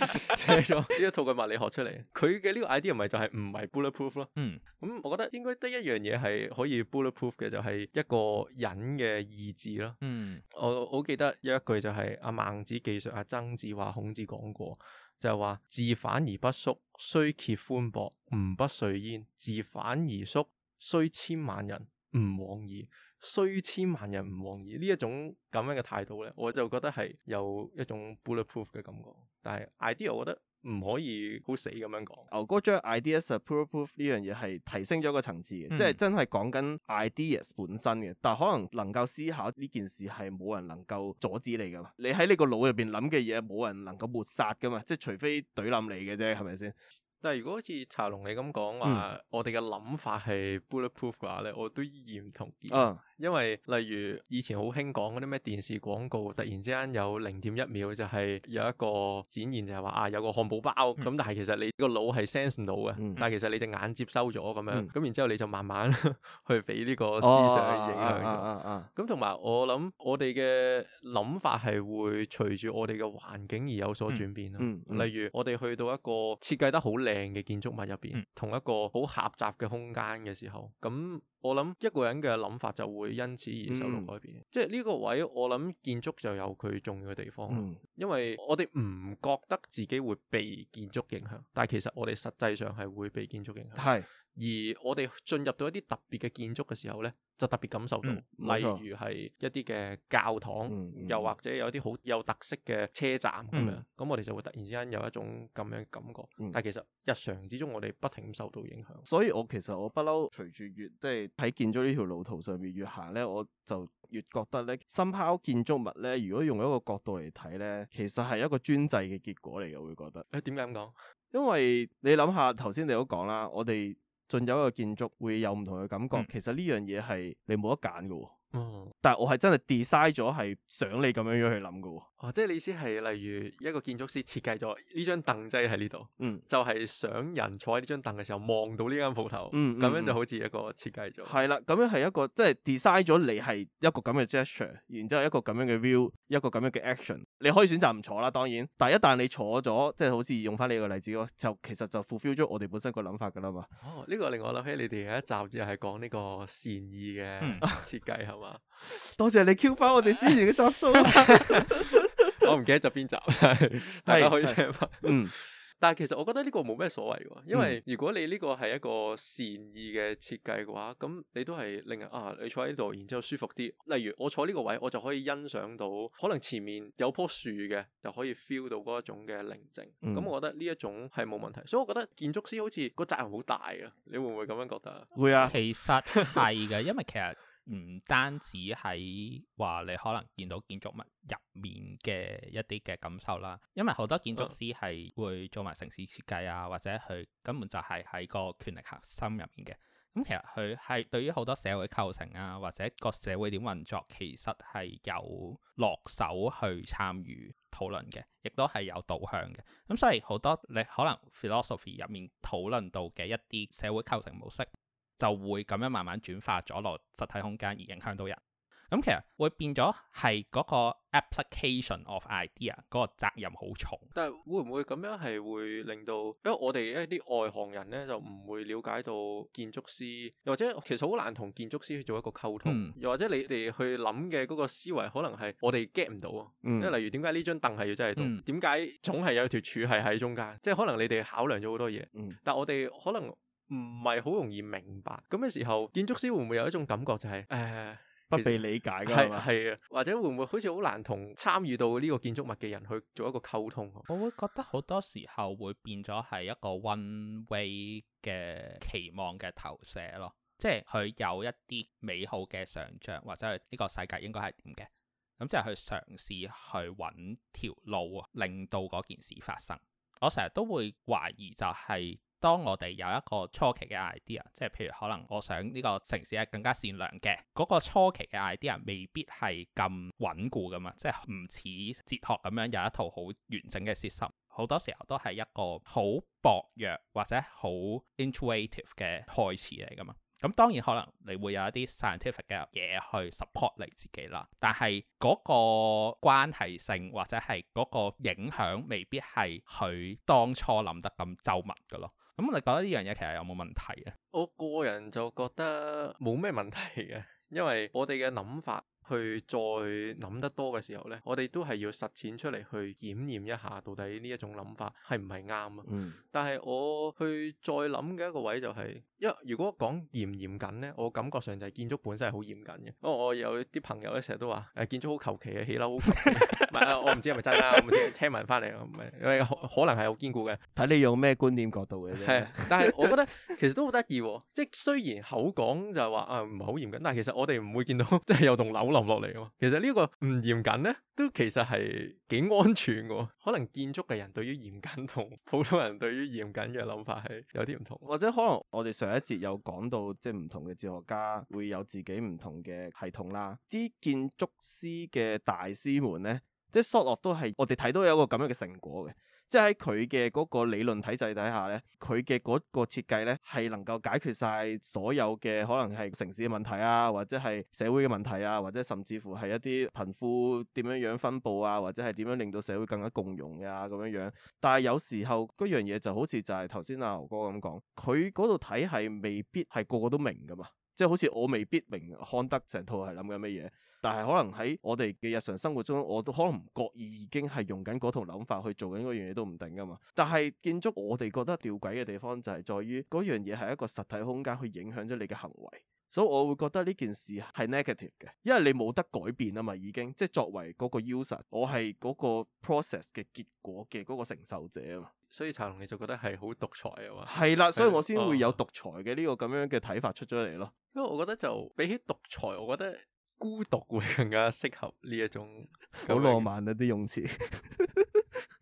寫咗呢一套嘅物理學出嚟。佢嘅呢個 idea 咪就係唔係 bulletproof 咯？嗯，咁、嗯、我覺得應該得一樣嘢係可以 bulletproof 嘅，就係、是、一個人嘅意志咯。嗯，我好記得有一句就係、是、阿、啊、孟子記述阿曾子話孔子講過，就係、是、話自反而不縮，雖褐寬博，吾不遂焉；自反而縮，雖千萬人，吾往矣。雖千萬人，吾往矣。呢一種咁樣嘅態度呢，我就覺得係有一種 bulletproof 嘅感覺。但係 idea，我覺得。唔可以好死咁樣講。牛哥將 ideas bulletproof 呢樣嘢係提升咗個層次嘅，嗯、即係真係講緊 ideas 本身嘅。但係可能能夠思考呢件事係冇人能夠阻止你噶嘛。你喺你個腦入邊諗嘅嘢冇人能夠抹殺噶嘛，即係除非懟冧你嘅啫，係咪先？但係、嗯、如果好似茶龍你咁講話，我哋嘅諗法係 bulletproof 嘅話咧，我都認同。嗯因為例如以前好興講嗰啲咩電視廣告，突然之間有零點一秒就係有一個展現就，就係話啊有個漢堡包，咁、嗯、但係其實你個腦係 sense 到、no、嘅，嗯、但係其實你隻眼接收咗咁樣，咁、嗯、然之後你就慢慢 <laughs> 去俾呢個思想去影響咗。咁同埋我諗，我哋嘅諗法係會隨住我哋嘅環境而有所轉變咯。嗯嗯嗯、例如我哋去到一個設計得好靚嘅建築物入邊，同、嗯嗯、一個好狹窄嘅空間嘅時候，咁。我諗一個人嘅諗法就會因此而受到改變，嗯、即係呢個位我諗建築就有佢重要嘅地方，嗯、因為我哋唔覺得自己會被建築影響，但係其實我哋實際上係會被建築影響，係。而我哋進入到一啲特別嘅建築嘅時候呢就特別感受到，嗯、例如係一啲嘅教堂，嗯嗯、又或者有啲好有特色嘅車站咁、嗯、樣，咁、嗯、我哋就會突然之間有一種咁樣嘅感覺。嗯、但係其實日常之中我哋不停受到影響，所以我其實我不嬲，隨住越即係喺建築呢條路途上面越行呢，我就越覺得呢，深鏤建築物呢，如果用一個角度嚟睇呢，其實係一個專制嘅結果嚟嘅，我會覺得。誒點解咁講？為麼麼 <laughs> 因為你諗下頭先你都講啦，我哋。我進入一個建築會有唔同嘅感覺，嗯，其實呢樣嘢係你冇得揀嘅。嗯，但係我係真係 design 咗係想你咁樣樣去諗嘅。哦，即係你意思係，例如一個建築師設計咗呢張凳仔喺呢度，就係想人坐喺呢張凳嘅時候望到呢間鋪頭，咁、嗯、樣就好似一個設計咗。係啦、嗯，咁、嗯嗯、樣係一個即係 design 咗你係一個咁嘅 gesture，然之後一個咁樣嘅 view，一個咁樣嘅 action。你可以選擇唔坐啦，當然，但係一旦你坐咗，即係好似用翻呢個例子咯，就其實就 fulfill 咗我哋本身個諗法噶啦嘛。哦，呢、這個令我諗起你哋有一集就係講呢個善意嘅設計，係嘛？多謝你 Q 翻我哋之前嘅集數。 <laughs> <laughs> <laughs> 我唔記得咗邊集， <laughs> 大家可以聽翻。但係其實我覺得呢個冇咩所謂喎，因為如果你呢個係一個善意嘅設計嘅話，咁你都係令人啊你坐喺呢度，然之後舒服啲。例如我坐呢個位，我就可以欣賞到可能前面有棵樹嘅，就可以 feel 到嗰一種嘅寧靜。咁、嗯嗯、我覺得呢一種係冇問題，所以我覺得建築師好似個責任好大啊！你會唔會咁樣覺得？會啊， <laughs> 其實係嘅，因為其實。唔單止喺話你可能見到建築物入面嘅一啲嘅感受啦，因為好多建築師係會做埋城市設計啊，或者佢根本就係喺個權力核心入面嘅。咁其實佢係對於好多社會構成啊，或者個社會點運作，其實係有落手去參與討論嘅，亦都係有導向嘅。咁所以好多你可能 philosophy 入面討論到嘅一啲社會構成模式。就會咁樣慢慢轉化咗落實體空間而影響到人，咁、嗯、其實會變咗係嗰個 application of idea 嗰個責任好重。但係會唔會咁樣係會令到因為我哋一啲外行人咧就唔會了解到建築師，又或者其實好難同建築師去做一個溝通，嗯、又或者你哋去諗嘅嗰個思維可能係我哋 get 唔到啊。因為、嗯、例如點解呢張凳係要真係喺度？點解、嗯、總係有條柱係喺中間？即係可能你哋考量咗好多嘢，嗯、但我哋可能，唔係好容易明白，咁嘅時候，建築師會唔會有一種感覺就係、是、誒，哎、呀不被理解嘅，係係啊，或者會唔會好似好難同參與到呢個建築物嘅人去做一個溝通？我會覺得好多時候會變咗係一個 one way 嘅期望嘅投射咯，即係佢有一啲美好嘅想象，或者佢呢個世界應該係點嘅，咁就去嘗試去揾條路啊，令到嗰件事發生。我成日都會懷疑就係、是。當我哋有一個初期嘅 idea，即係譬如可能我想呢個城市係更加善良嘅，嗰個初期嘅 idea 未必係咁穩固噶嘛，即係唔似哲學咁樣有一套好完整嘅説述，好多時候都係一個好薄弱或者好 intuitive 嘅開始嚟噶嘛。咁當然可能你會有一啲 scientific 嘅嘢去 support 你自己啦，但係嗰個關係性或者係嗰個影響未必係佢當初諗得咁周密噶咯。咁你覺得呢樣嘢，其實有冇問題啊？我個人就覺得冇咩問題嘅，因為我哋嘅諗法，去再諗得多嘅時候呢，我哋都係要實踐出嚟去檢驗一下，到底呢一種諗法係唔係啱啊？嗯。但係我去再諗嘅一個位就係、是，因為如果講嚴唔嚴謹呢，我感覺上就係建築本身係好嚴謹嘅。因為我有啲朋友咧成日都話、啊，建築好求其嘅，起樓好快，我唔知係咪真啊？我，是是我， <laughs> 我聽聞翻嚟，可能係好堅固嘅，睇你有咩觀點角度嘅啫。是 <laughs> 但係我覺得其實都好得意，即係雖然口講就係話啊唔係好嚴謹，但係其實我哋唔會見到即係有棟樓。落嚟其實呢個唔嚴謹呢，都其實係幾安全噶。可能建築嘅人對於嚴謹同普通人對於嚴謹嘅諗法係有啲唔同。或者可能我哋上一節有講到，即係唔同嘅哲學家會有自己唔同嘅系統啦。啲建築師嘅大師們呢，即係 sort of 都係我哋睇到有一個咁樣嘅成果嘅。即係喺佢嘅嗰個理論體制底下呢，佢嘅嗰個設計呢係能夠解決晒所有嘅可能係城市嘅問題啊，或者係社會嘅問題啊，或者甚至乎係一啲貧富點樣樣分佈啊，或者係點樣令到社會更加共融啊咁樣樣。但係有時候嗰樣嘢就好似就係頭先阿牛哥咁講，佢嗰度睇係未必係個個都明噶嘛。即係好似我未必明康德成套係諗緊咩嘢，但係可能喺我哋嘅日常生活中，我都可能唔覺意已經係用緊嗰套諗法去做緊嗰樣嘢都唔定噶嘛。但係建築我哋覺得吊詭嘅地方就係在於嗰樣嘢係一個實體空間，去影響咗你嘅行為，所以我會覺得呢件事係 negative 嘅，因為你冇得改變啊嘛，已經即係作為嗰個 user，我係嗰個 process 嘅結果嘅嗰個承受者。所以茶龍你就覺得係好獨裁啊嘛？係啦了，是所以我先會有獨裁嘅呢、嗯、個咁樣嘅睇法出咗嚟咯。因為我覺得就比起獨裁，我覺得孤獨會更加適合呢一種好浪漫一啲用詞。 <laughs> <laughs>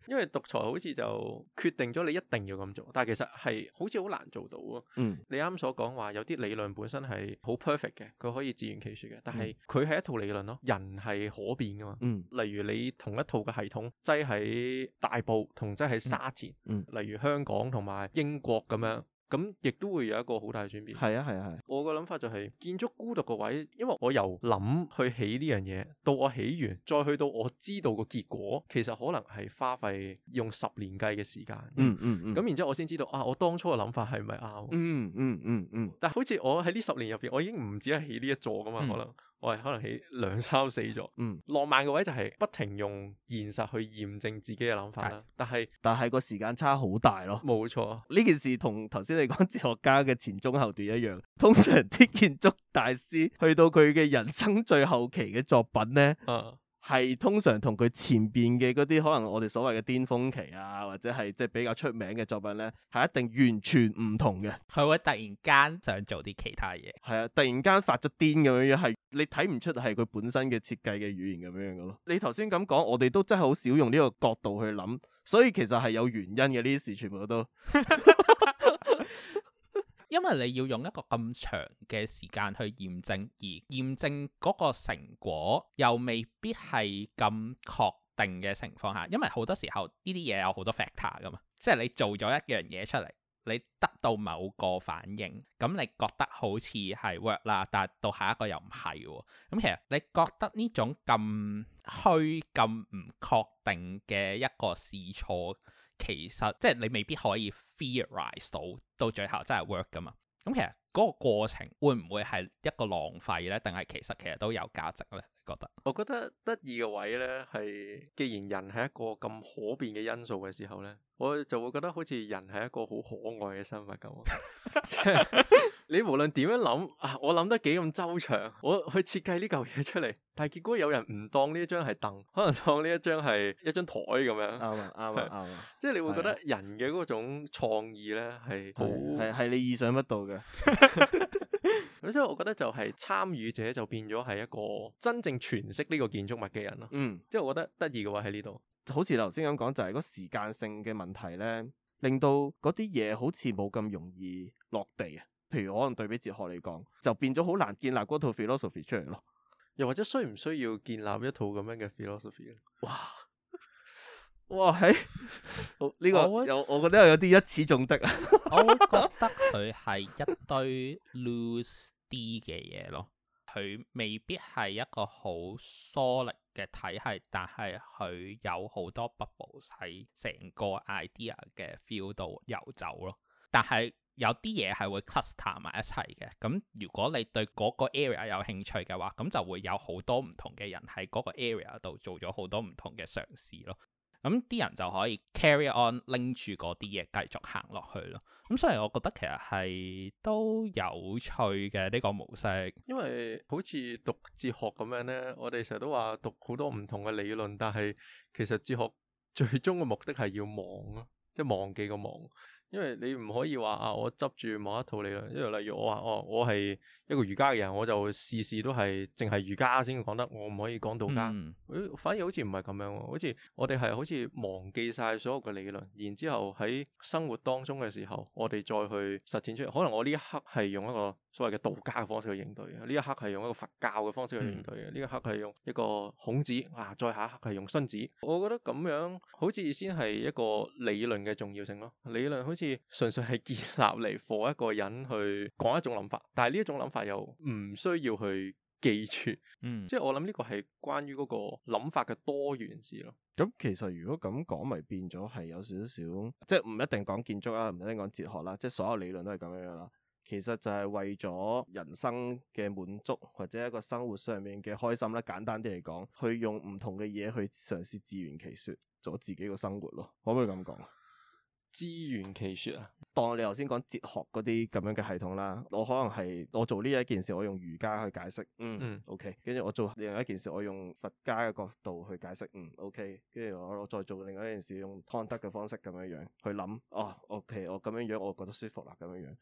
因為獨裁好似就決定咗你一定要咁做，但係其實係好似好難做到啊。嗯，你啱啱所講話有啲理論本身係好 perfect 嘅，佢可以自圓其説嘅，但係佢係一套理論咯，人係可變噶嘛。嗯，例如你同一套嘅系統擠喺大埔同擠喺沙田，嗯，例如香港同埋英國咁樣。咁亦都會有一個好大嘅轉變。係啊係啊係。啊我個諗法就係建築孤獨個位，因為我由諗去起呢樣嘢，到我起完，再去到我知道個結果，其實可能係花費用十年計嘅時間。嗯嗯嗯。咁、嗯嗯、然之後我先知道啊，我當初嘅諗法係咪啱。嗯嗯嗯嗯。嗯，但係好似我喺呢十年入邊，我已經唔止係起呢一座噶嘛，嗯、可能。喂，可能起兩三四座，嗯，浪漫嘅位就係不停用現實去驗證自己嘅諗法啦，的但係是但係個時間差好大咯，冇錯錯，呢件事同頭先你講哲學家嘅前中後段一樣，通常啲建築大師去到佢嘅人生最後期嘅作品咧。啊係通常同佢前邊嘅嗰啲可能我哋所謂嘅巔峰期啊，或者係即係比較出名嘅作品呢，係一定完全唔同嘅。佢會突然間想做啲其他嘢。係啊，突然間發咗癲咁樣樣，係你睇唔出係佢本身嘅設計嘅語言咁樣樣咯。你頭先咁講，我哋都真係好少用呢個角度去諗，所以其實係有原因嘅。呢啲事，全部都。 <laughs> <laughs> 因為你要用一個咁長嘅時間去驗證，而驗證嗰個成果又未必係咁確定嘅情況下，因為好多時候呢啲嘢有好多 factor 噶嘛，即係你做咗一樣嘢出嚟，你得到某個反應，咁你覺得好似係 work 啦，但係到下一個又唔係喎，咁其實你覺得呢種咁虛、咁唔確定嘅一個試錯。其實即係你未必可以 theorize 到到最後真係 work 噶嘛？咁、嗯、其實嗰、嗰個過程會唔會係一個浪費咧？定係其實其實都有價值咧？覺得？我覺得得意嘅位咧係，既然人係一個咁可變嘅因素嘅時候咧，我就會覺得好似人係一個好可愛嘅身份咁。 <laughs> <laughs> 你無論點樣諗啊，我諗得幾咁周詳，我去設計呢嚿嘢出嚟，但係結果有人唔當呢一張係凳，可能當呢一張係一張台咁樣，啱啊，啱啊，啱啊，即係你會覺得人嘅嗰種創意咧，係係好係你意想不到嘅。咁所以我覺得就係參與者就變咗係一個真正詮釋呢個建築物嘅人咯。嗯，即係我覺得得意嘅話喺呢度，就好似頭先咁講就係個時間性嘅問題咧，令到嗰啲嘢好似冇咁容易落地啊。譬如可能對比哲學嚟講，就變咗好難建立嗰套 philosophy 出嚟咯。又或者需唔需要建立一套咁樣嘅 philosophy 咧？哇哇，喺、欸、呢、 <laughs> 這個我會有我覺得有啲一廂情願。我覺得佢係一堆 loose 啲嘅嘢咯，佢 <laughs> 未必係一個好 solid 嘅體系，但係佢有好多 bubble 喺成個 idea 嘅 feel 度游走咯。但係有啲嘢係會 cluster 埋一齊嘅，咁如果你對嗰個 area 有興趣嘅話，咁就會有好多唔同嘅人喺嗰個 area 度做咗好多唔同嘅嘗試咯，咁啲人就可以 carry on 拎住嗰啲嘢繼續行落去咯，咁所以我覺得其實係都有趣嘅呢個模式，因為好似讀哲學咁樣呢，我哋成日都話讀好多唔同嘅理論，但係其實哲學最終嘅目的係要忘咯，即係忘記個忘。因為你唔可以話啊，我執住某一套理論，因為例如我話哦，我係一個儒家嘅人，我就事事都係淨係儒家先講得，我唔可以講道家。嗯、反而好似唔係咁樣，好似我哋係好似忘記晒所有嘅理論，然之後喺生活當中嘅時候，我哋再去實踐出嚟。可能我呢一刻係用一個所謂嘅道家嘅方式去應對嘅，呢一刻係用一個佛教嘅方式去應對嘅，呢、嗯、一刻係用一個孔子，嗱、啊、再下一刻係用孫子。我覺得咁樣好似先係一個理論嘅重要性咯，理論好似。純粹係建立嚟，火一個人去講一種諗法，但係呢一種諗法又唔需要去記住，嗯，嗯，即係我諗呢個係關於嗰個諗法嘅多元性咯。咁其實如果咁講，咪變咗係有少少，即係唔一定講建築啦，唔一定講哲學啦，即係所有理論都係咁樣啦。其實就係為咗人生嘅滿足或者一個生活上面嘅開心啦，簡單啲嚟講，去用唔同嘅嘢去嘗試自圓其說咗自己個生活咯，可唔可以咁講？自圓其說啊，當你頭先講哲學嗰啲咁樣嘅系統啦，我可能係我做呢一件事，我用儒家去解釋，嗯，嗯，OK，跟住我做另外一件事，我用佛家嘅角度去解釋，嗯，OK，跟住我再做另外一件事，用康德嘅方式咁樣樣去諗，哦，OK，我咁樣樣我覺得舒服啦，咁樣樣。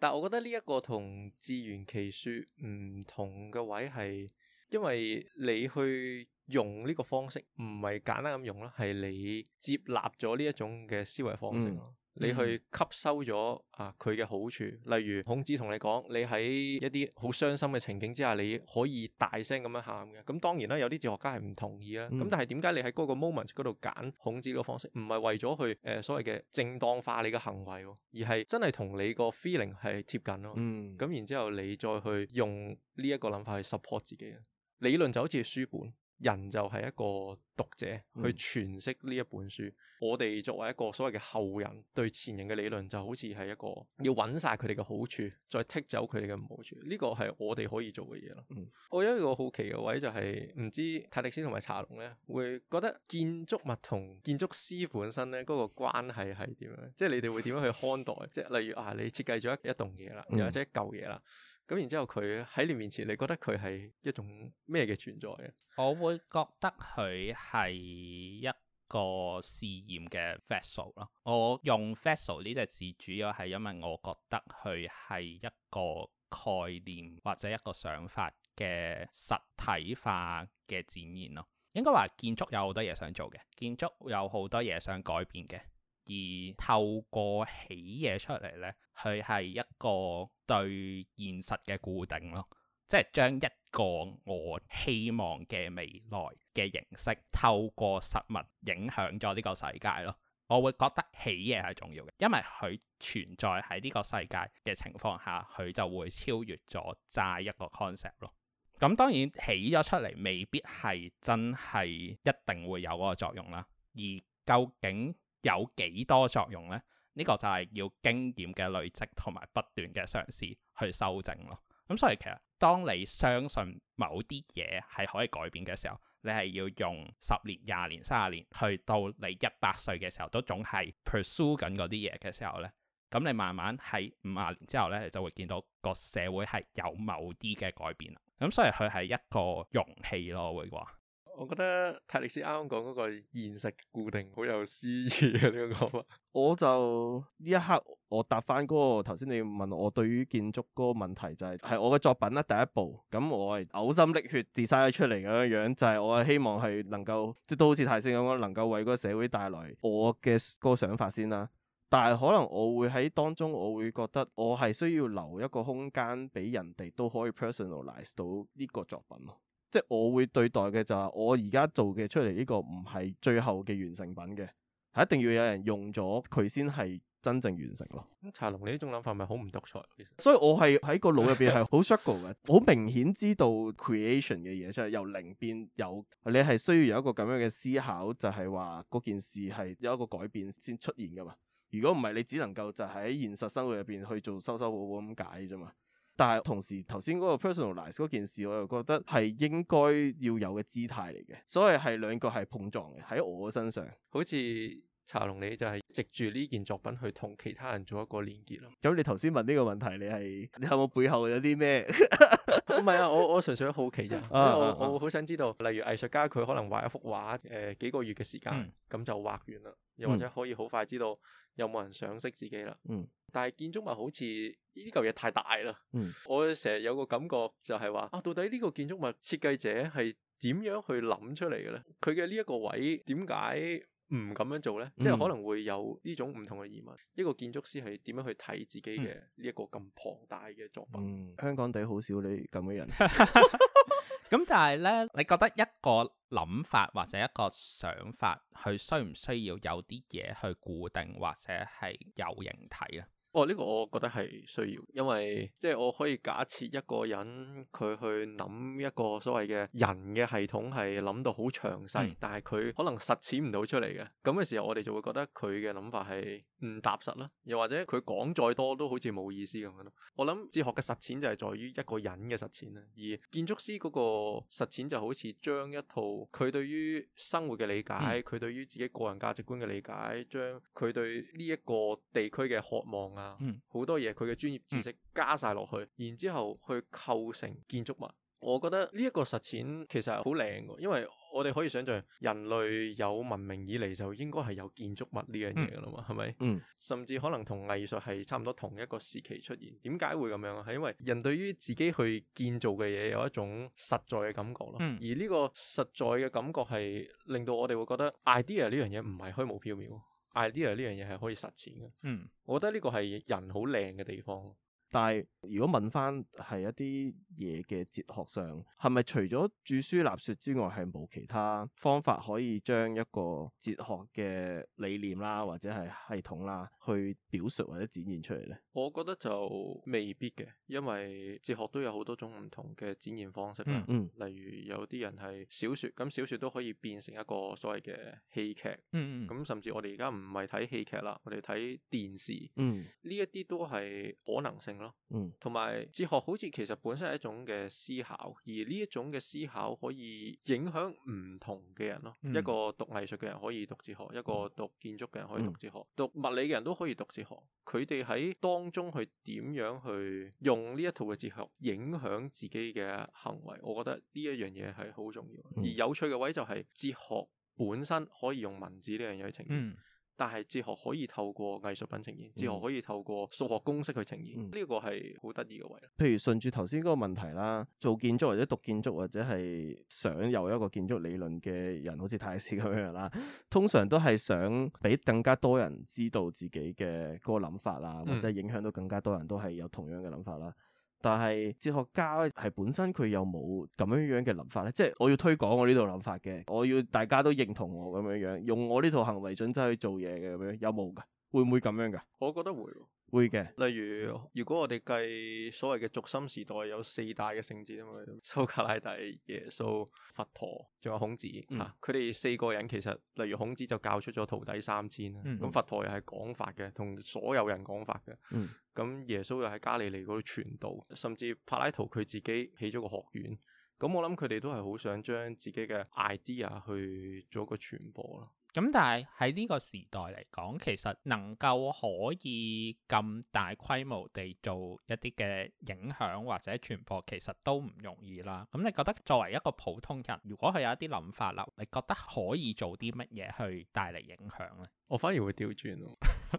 但係我覺得呢一個同自圓其說唔同嘅位係。因為你去用呢個方式唔係簡單咁用啦，係你接納咗呢一種嘅思維方式咯。嗯、你去吸收咗啊佢嘅好處，例如孔子同你講，你喺一啲好傷心嘅情景之下，你可以大聲咁樣喊嘅。咁當然啦，有啲哲學家係唔同意啊。咁、嗯、但係點解你喺嗰個 moment 嗰度揀孔子呢個方式，唔係為咗去誒、呃、所謂嘅正當化你嘅行為，而係真係同你個 feeling 係貼近咯。咁、嗯、然之後你再去用呢一個諗法去 support 自己。理論就好似書本，人就係一個讀者去詮釋呢一本書。嗯、我哋作為一個所謂嘅後人，對前人嘅理論就好似係一個要揾晒佢哋嘅好處，再剔走佢哋嘅唔好處。呢個係我哋可以做嘅嘢咯。嗯、我有一個好奇嘅位就係、是、唔知泰力斯同埋茶龍呢，會覺得建築物同建築師本身呢嗰、嗰個關係係點樣？嗯、即係你哋會點樣去看待？即係例如啊，你設計咗一一棟嘢啦，又或者一舊嘢啦。咁然之後，佢喺你面前，你覺得佢係一種咩嘅存在啊？我會覺得佢係一個試驗嘅 vessel 咯。我用 vessel 呢隻字，主要係因為我覺得佢係一個概念或者一個想法嘅實體化嘅展現咯。應該話建築有好多嘢想做嘅，建築有好多嘢想改變嘅。而透過起嘢出嚟呢，佢係一個對現實嘅固定咯，即係將一個我希望嘅未來嘅形式透過實物影響咗呢個世界咯。我會覺得起嘢係重要嘅，因為佢存在喺呢個世界嘅情況下，佢就會超越咗齋一個 concept 咯。咁、嗯、當然起咗出嚟未必係真係一定會有嗰個作用啦。而究竟有幾多作用呢？呢、這個就係要經驗嘅累積同埋不斷嘅嘗試去修正咯。咁所以其實，當你相信某啲嘢係可以改變嘅時候，你係要用十年、廿年、三十年，去到你一百歲嘅時候都總係 pursue 緊嗰啲嘢嘅時候呢。咁你慢慢喺五十年之後呢，你就會見到個社會係有某啲嘅改變啦。咁所以佢係一個容器咯，會話。我覺得泰利斯啱啱講嗰個現實固定好有詩意嘅呢個講法，我就呢一刻我答翻嗰個頭先你問我對於建築嗰個問題，就係，係我嘅作品啦第一步，咁我係嘔心瀝血 design 咗出嚟咁樣、就是、樣，就係我係希望係能夠即都好似泰利斯咁樣，能夠為個社會帶來我嘅、嗰個想法先啦。但係可能我會喺當中我會覺得我係需要留一個空間俾人哋都可以 personalize 到呢個作品。即係我會對待嘅就係我而家做嘅出嚟呢個唔係最後嘅完成品嘅，係一定要有人用咗佢先係真正完成咯。茶龍你呢啲種諗法係咪好唔獨裁？其實，所以我係喺個腦入邊係好 struggle 嘅，好 <laughs> 明顯知道 creation 嘅嘢即係由零變有。你係需要有一個咁樣嘅思考，就係話嗰件事係有一個改變先出現噶嘛。如果唔係，你只能夠就喺現實生活入邊去做修修補補咁解啫嘛。但係同時頭先嗰個 personalize 嗰件事，我又覺得係應該要有嘅姿態嚟嘅，所以係兩個係碰撞嘅喺我身上，好似。茶龍你就係藉住呢件作品去同其他人做一個連結咯。咁你頭先問呢個問題，你係你有冇背後有啲咩？唔 <laughs> 係 <laughs> 啊，我我純粹好奇啫、啊。因為我我好想知道，例如藝術家佢可能畫一幅畫，誒、呃、幾個月嘅時間咁、嗯、就畫完啦，又或者可以好快知道、嗯、有冇人賞識自己啦。嗯，但係建築物好似呢嚿嘢太大啦。嗯、我成日有個感覺就係話啊，到底呢個建築物設計者係點樣去諗出嚟嘅咧？佢嘅呢一個位點解？唔咁、嗯、樣做呢，即係可能會有呢種唔同嘅疑問。嗯、一個建築師係點樣去睇自己嘅呢一個咁龐大嘅作品？嗯、香港地好少你咁嘅人。咁 <laughs> <laughs> <laughs> 但係呢，你覺得一個諗法或者一個想法，佢需唔需要有啲嘢去固定或者係有形體呢？哦，呢、這個我覺得係需要，因為即係我可以假設一個人佢去諗一個所謂嘅人嘅系統係諗到好詳細，嗯、但係佢可能實踐唔到出嚟嘅。咁嘅時候，我哋就會覺得佢嘅諗法係唔踏實啦。又或者佢講再多都好似冇意思咁樣咯。我諗哲學嘅實踐就係在於一個人嘅實踐啦，而建築師嗰個實踐就好似將一套佢對於生活嘅理解，佢、嗯、對於自己個人價值觀嘅理解，將佢對呢一個地區嘅渴望啊～嗯，好多嘢佢嘅專業知識加晒落去，嗯、然之後去構成建築物。我覺得呢一個實踐其實係好靚嘅，因為我哋可以想象人類有文明以嚟，就應該係有建築物呢樣嘢噶啦嘛，係咪？嗯，吧嗯甚至可能同藝術係差唔多同一個時期出現。點解會咁樣啊？係因為人對於自己去建造嘅嘢有一種實在嘅感覺咯。嗯、而呢個實在嘅感覺係令到我哋會覺得 idea 呢樣嘢唔係虛無縹緲。idea 呢樣嘢係可以實踐嘅，嗯，我覺得呢個係人好靚嘅地方。但係如果問翻係一啲嘢嘅哲學上，係咪除咗著書立説之外，係冇其他方法可以將一個哲學嘅理念啦，或者係系統啦，去表述或者展現出嚟呢？我覺得就未必嘅，因為哲學都有好多種唔同嘅展現方式啦。嗯，嗯，例如有啲人係小説，咁小説都可以變成一個所謂嘅戲劇。嗯咁、嗯、甚至我哋而家唔係睇戲劇啦，我哋睇電視。嗯，呢一啲都係可能性。嗯，同埋哲學好似其實本身係一種嘅思考，而呢一種嘅思考可以影響唔同嘅人咯。嗯、一個讀藝術嘅人可以讀哲學，嗯、一個讀建築嘅人可以讀哲學，嗯、讀物理嘅人都可以讀哲學。佢哋喺當中去點樣去用呢一套嘅哲學影響自己嘅行為，我覺得呢一樣嘢係好重要。嗯、而有趣嘅位就係哲學本身可以用文字呢樣嘢去呈現。嗯但係哲學可以透過藝術品呈現，嗯、哲學可以透過數學公式去呈現，嗯、呢個係好得意嘅位。譬如順住頭先嗰個問題啦，做建築或者讀建築或者係想有一個建築理論嘅人，好似泰斯咁樣啦，通常都係想俾更加多人知道自己嘅嗰個諗法啊，或者影響到更加多人都係有同樣嘅諗法啦。但係哲學家係本身佢有冇咁樣樣嘅諗法咧？即係我要推廣我呢套諗法嘅，我要大家都認同我咁樣樣，用我呢套行為準則去做嘢，嘅咁樣，有冇噶？會唔會咁樣噶？我覺得會。會嘅，例如如果我哋計所謂嘅軸心時代有四大嘅聖哲啊嘛，蘇格拉底、耶穌、佛陀，仲有孔子，吓佢哋四個人其實，例如孔子就教出咗徒弟三千咁、嗯、佛陀又係講法嘅，同所有人講法嘅，咁、嗯、耶穌又喺加利利嗰度傳道，甚至柏拉圖佢自己起咗個學院，咁我諗佢哋都係好想將自己嘅 idea 去做一個傳播啦。咁但係喺呢個時代嚟講，其實能夠可以咁大規模地做一啲嘅影響或者傳播，其實都唔容易啦。咁你覺得作為一個普通人，如果佢有一啲諗法啦，你覺得可以做啲乜嘢去帶嚟影響呢？我反而會調轉，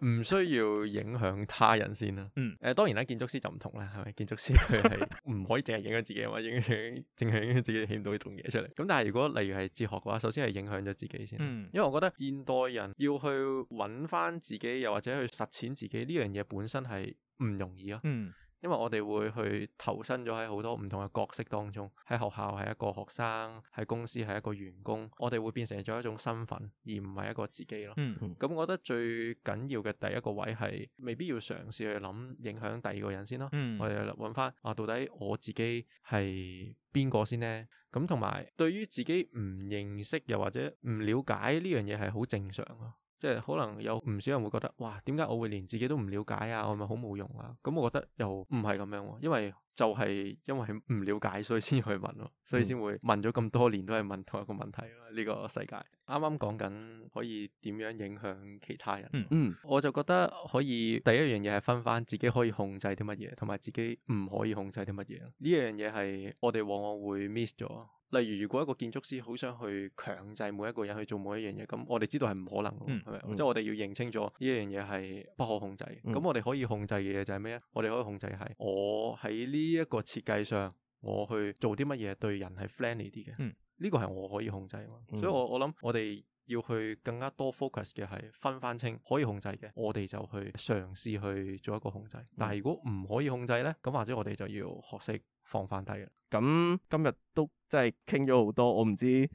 唔需要影響他人先啦。嗯，誒、呃，當然咧，建築師就唔同啦，係咪？建築師佢係唔可以淨係影，影，影響自己，或者影響淨係影響自己顯到呢種嘢出嚟。咁但係如果例如係哲學嘅話，首先係影響咗自己先。嗯，因為我覺得現代人要去揾翻自己，又或者去實踐自己呢樣嘢本身係唔容易囉。嗯。因為我哋會去投身咗喺好多唔同嘅角色當中，喺學校係一個學生，喺公司係一個員工，我哋會變成咗一種身份，而唔係一個自己咯。咁、嗯、我覺得最緊要嘅第一個位係，未必要嘗試去諗影響第二個人先咯。嗯、我哋揾翻啊，到底我自己係邊個先呢？咁同埋對於自己唔認識又或者唔了解呢樣嘢係好正常咯。即係可能有唔少人會覺得，哇，點解我會連自己都唔了解啊？我咪好冇用啊！咁我覺得又唔係咁樣、啊，因為就係因為唔了解所，所以先去問咯，所以先會問咗咁多年都係問同一個問題、啊。呢、呢個世界啱啱講緊可以點樣影響其他人、啊？嗯嗯，我就覺得可以第一樣嘢係分翻自己可以控制啲乜嘢，同埋自己唔可以控制啲乜嘢。呢樣嘢係我哋往往會 miss 咗。例如，如果一個建築師好想去強制每一個人去做每一樣嘢，咁我哋知道係唔可能，係咪？即係我哋要認清咗呢一樣嘢係不可控制。咁、嗯、我哋可以控制嘅嘢就係咩啊？我哋可以控制嘅係我喺呢一個設計上，我去做啲乜嘢對人係 friendly 啲嘅。呢、嗯、個係我可以控制嘛。嗯、所以我我諗我哋要去更加多 focus 嘅係分返清可以控制嘅，我哋就去嘗試去做一個控制。嗯、但係如果唔可以控制呢，咁或者我哋就要學識。放翻低嘅，咁今日都真係傾咗好多，我唔知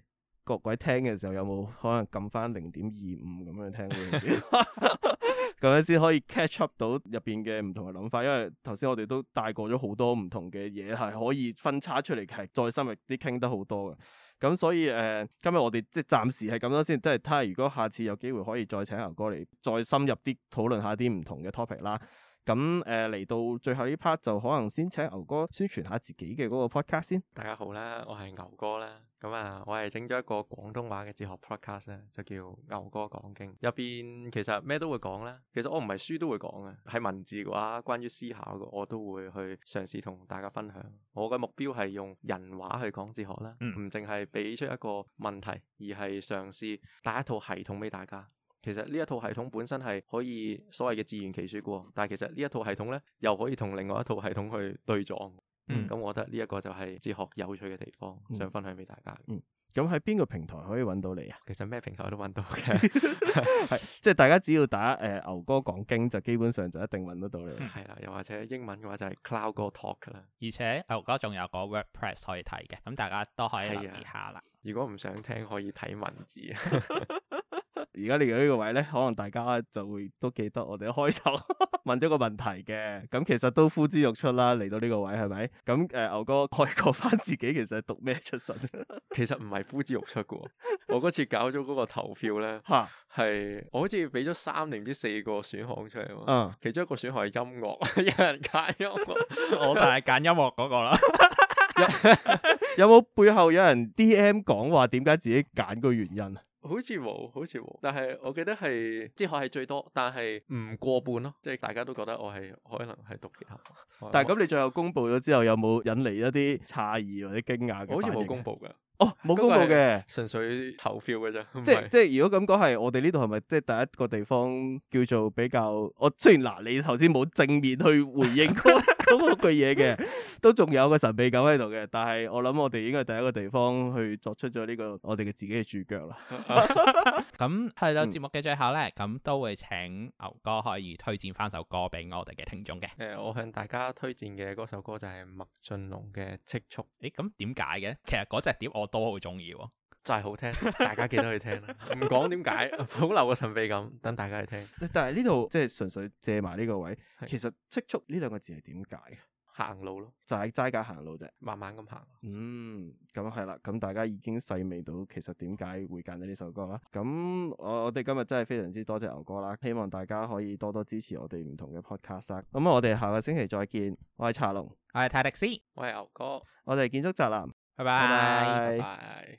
各位聽嘅時候有冇可能撳翻零點二五咁樣聽，咁 <laughs> <laughs> 樣先可以 catch up 到入邊嘅唔同嘅諗法，因為頭先我哋都帶過咗好多唔同嘅嘢，係可以分叉出嚟嘅，係再深入啲傾得好多嘅。咁所以誒、呃，今日我哋即係暫時係咁多先，即係睇下如果下次有機會可以再請牛哥嚟再深入啲討論下啲唔同嘅 topic 啦。咁誒嚟到最後呢 part 就可能先請牛哥宣傳下自己嘅嗰個 podcast 先。大家好啦，我係牛哥啦。咁啊，嗯、我係整咗一個廣東話嘅哲學 podcast 咧，就叫牛哥講經。入邊其實咩都會講啦。其實我唔係書都會講嘅，係文字嘅話，關於思考嘅，我都會去嘗試同大家分享。我嘅目標係用人話去講哲學啦，唔淨係俾出一個問題，而係嘗試帶一套系統俾大家。其實呢一套系統本身係可以所謂嘅自圓其說嘅，但係其實呢一套系統呢，又可以同另外一套系統去對撞。嗯，咁、嗯、我覺得呢一個就係哲學有趣嘅地方，想分享俾大家嗯。嗯，咁喺邊個平台可以揾到你啊？其實咩平台都揾到嘅， <laughs> <laughs> 即係大家只要打誒、呃、牛哥講經就基本上就一定揾得到你。係啦、嗯啊，又或者英文嘅話就係 Cow 哥 Talk 啦。而且牛哥仲有個 WordPress 可以睇嘅，咁大家都可以留意下啦。啊、如果唔想聽，可以睇文字。 <laughs> 而家嚟到呢個位咧，可能大家就會都記得我哋開頭問咗個問題嘅，咁其實都呼之欲出啦。嚟到呢個位係咪？咁誒、呃，牛哥概括講翻自己其實係讀咩出身？其實唔係呼之欲出噶， <laughs> 我嗰次搞咗嗰個投票咧，吓係哈我好似俾咗三定唔知四個選項出嚟嘛，嗯，其中一個選項係音樂， <laughs> <laughs> <laughs> 有人揀音樂，我就係揀音樂嗰個啦。有冇背後有人 DM 講話點解自己揀個原因？好似冇，好似冇。但係我記得係哲學系最多，但係唔過半咯啊。即係大家都覺得我係可能係讀哲學。但係咁你最後公布咗之後，有冇引嚟一啲詫異或者驚訝？好似冇公布噶，哦，冇公布嘅，純粹投票嘅啫。即係即係，如果咁講係，我哋呢度係咪即係第一個地方叫做比較？我雖然嗱，你頭先冇正面去回應。 <laughs> 嗰句嘢嘅，都仲 <laughs> <laughs> 有個神秘感喺度嘅，但係我諗我哋應該第一個地方去作出咗呢、這個我哋嘅自己嘅主腳啦。咁係啦，節目嘅最後呢，咁、嗯、都會請牛哥可以推薦翻首歌俾我哋嘅聽眾嘅。誒、呃，我向大家推薦嘅嗰首歌就係麥浚龍嘅《彳亍》。誒，咁點解嘅？其實嗰隻碟我都好中意。就係好聽，大家記得去聽啦。唔講點解，保留個神秘感，等大家去聽。但係呢度即係純粹借埋呢個位。其實彳亍呢兩個字係點解？行路咯，就係齋架行路啫，慢慢咁行。嗯，咁係啦，咁大家已經細味到其實點解會揀咗呢首歌啦。咁我我哋今日真係非常之多謝牛哥啦，希望大家可以多多支持我哋唔同嘅 podcast。咁啊，我哋下個星期再見。我係茶龍，我係泰迪斯，我係牛哥，我哋建築宅男，拜拜。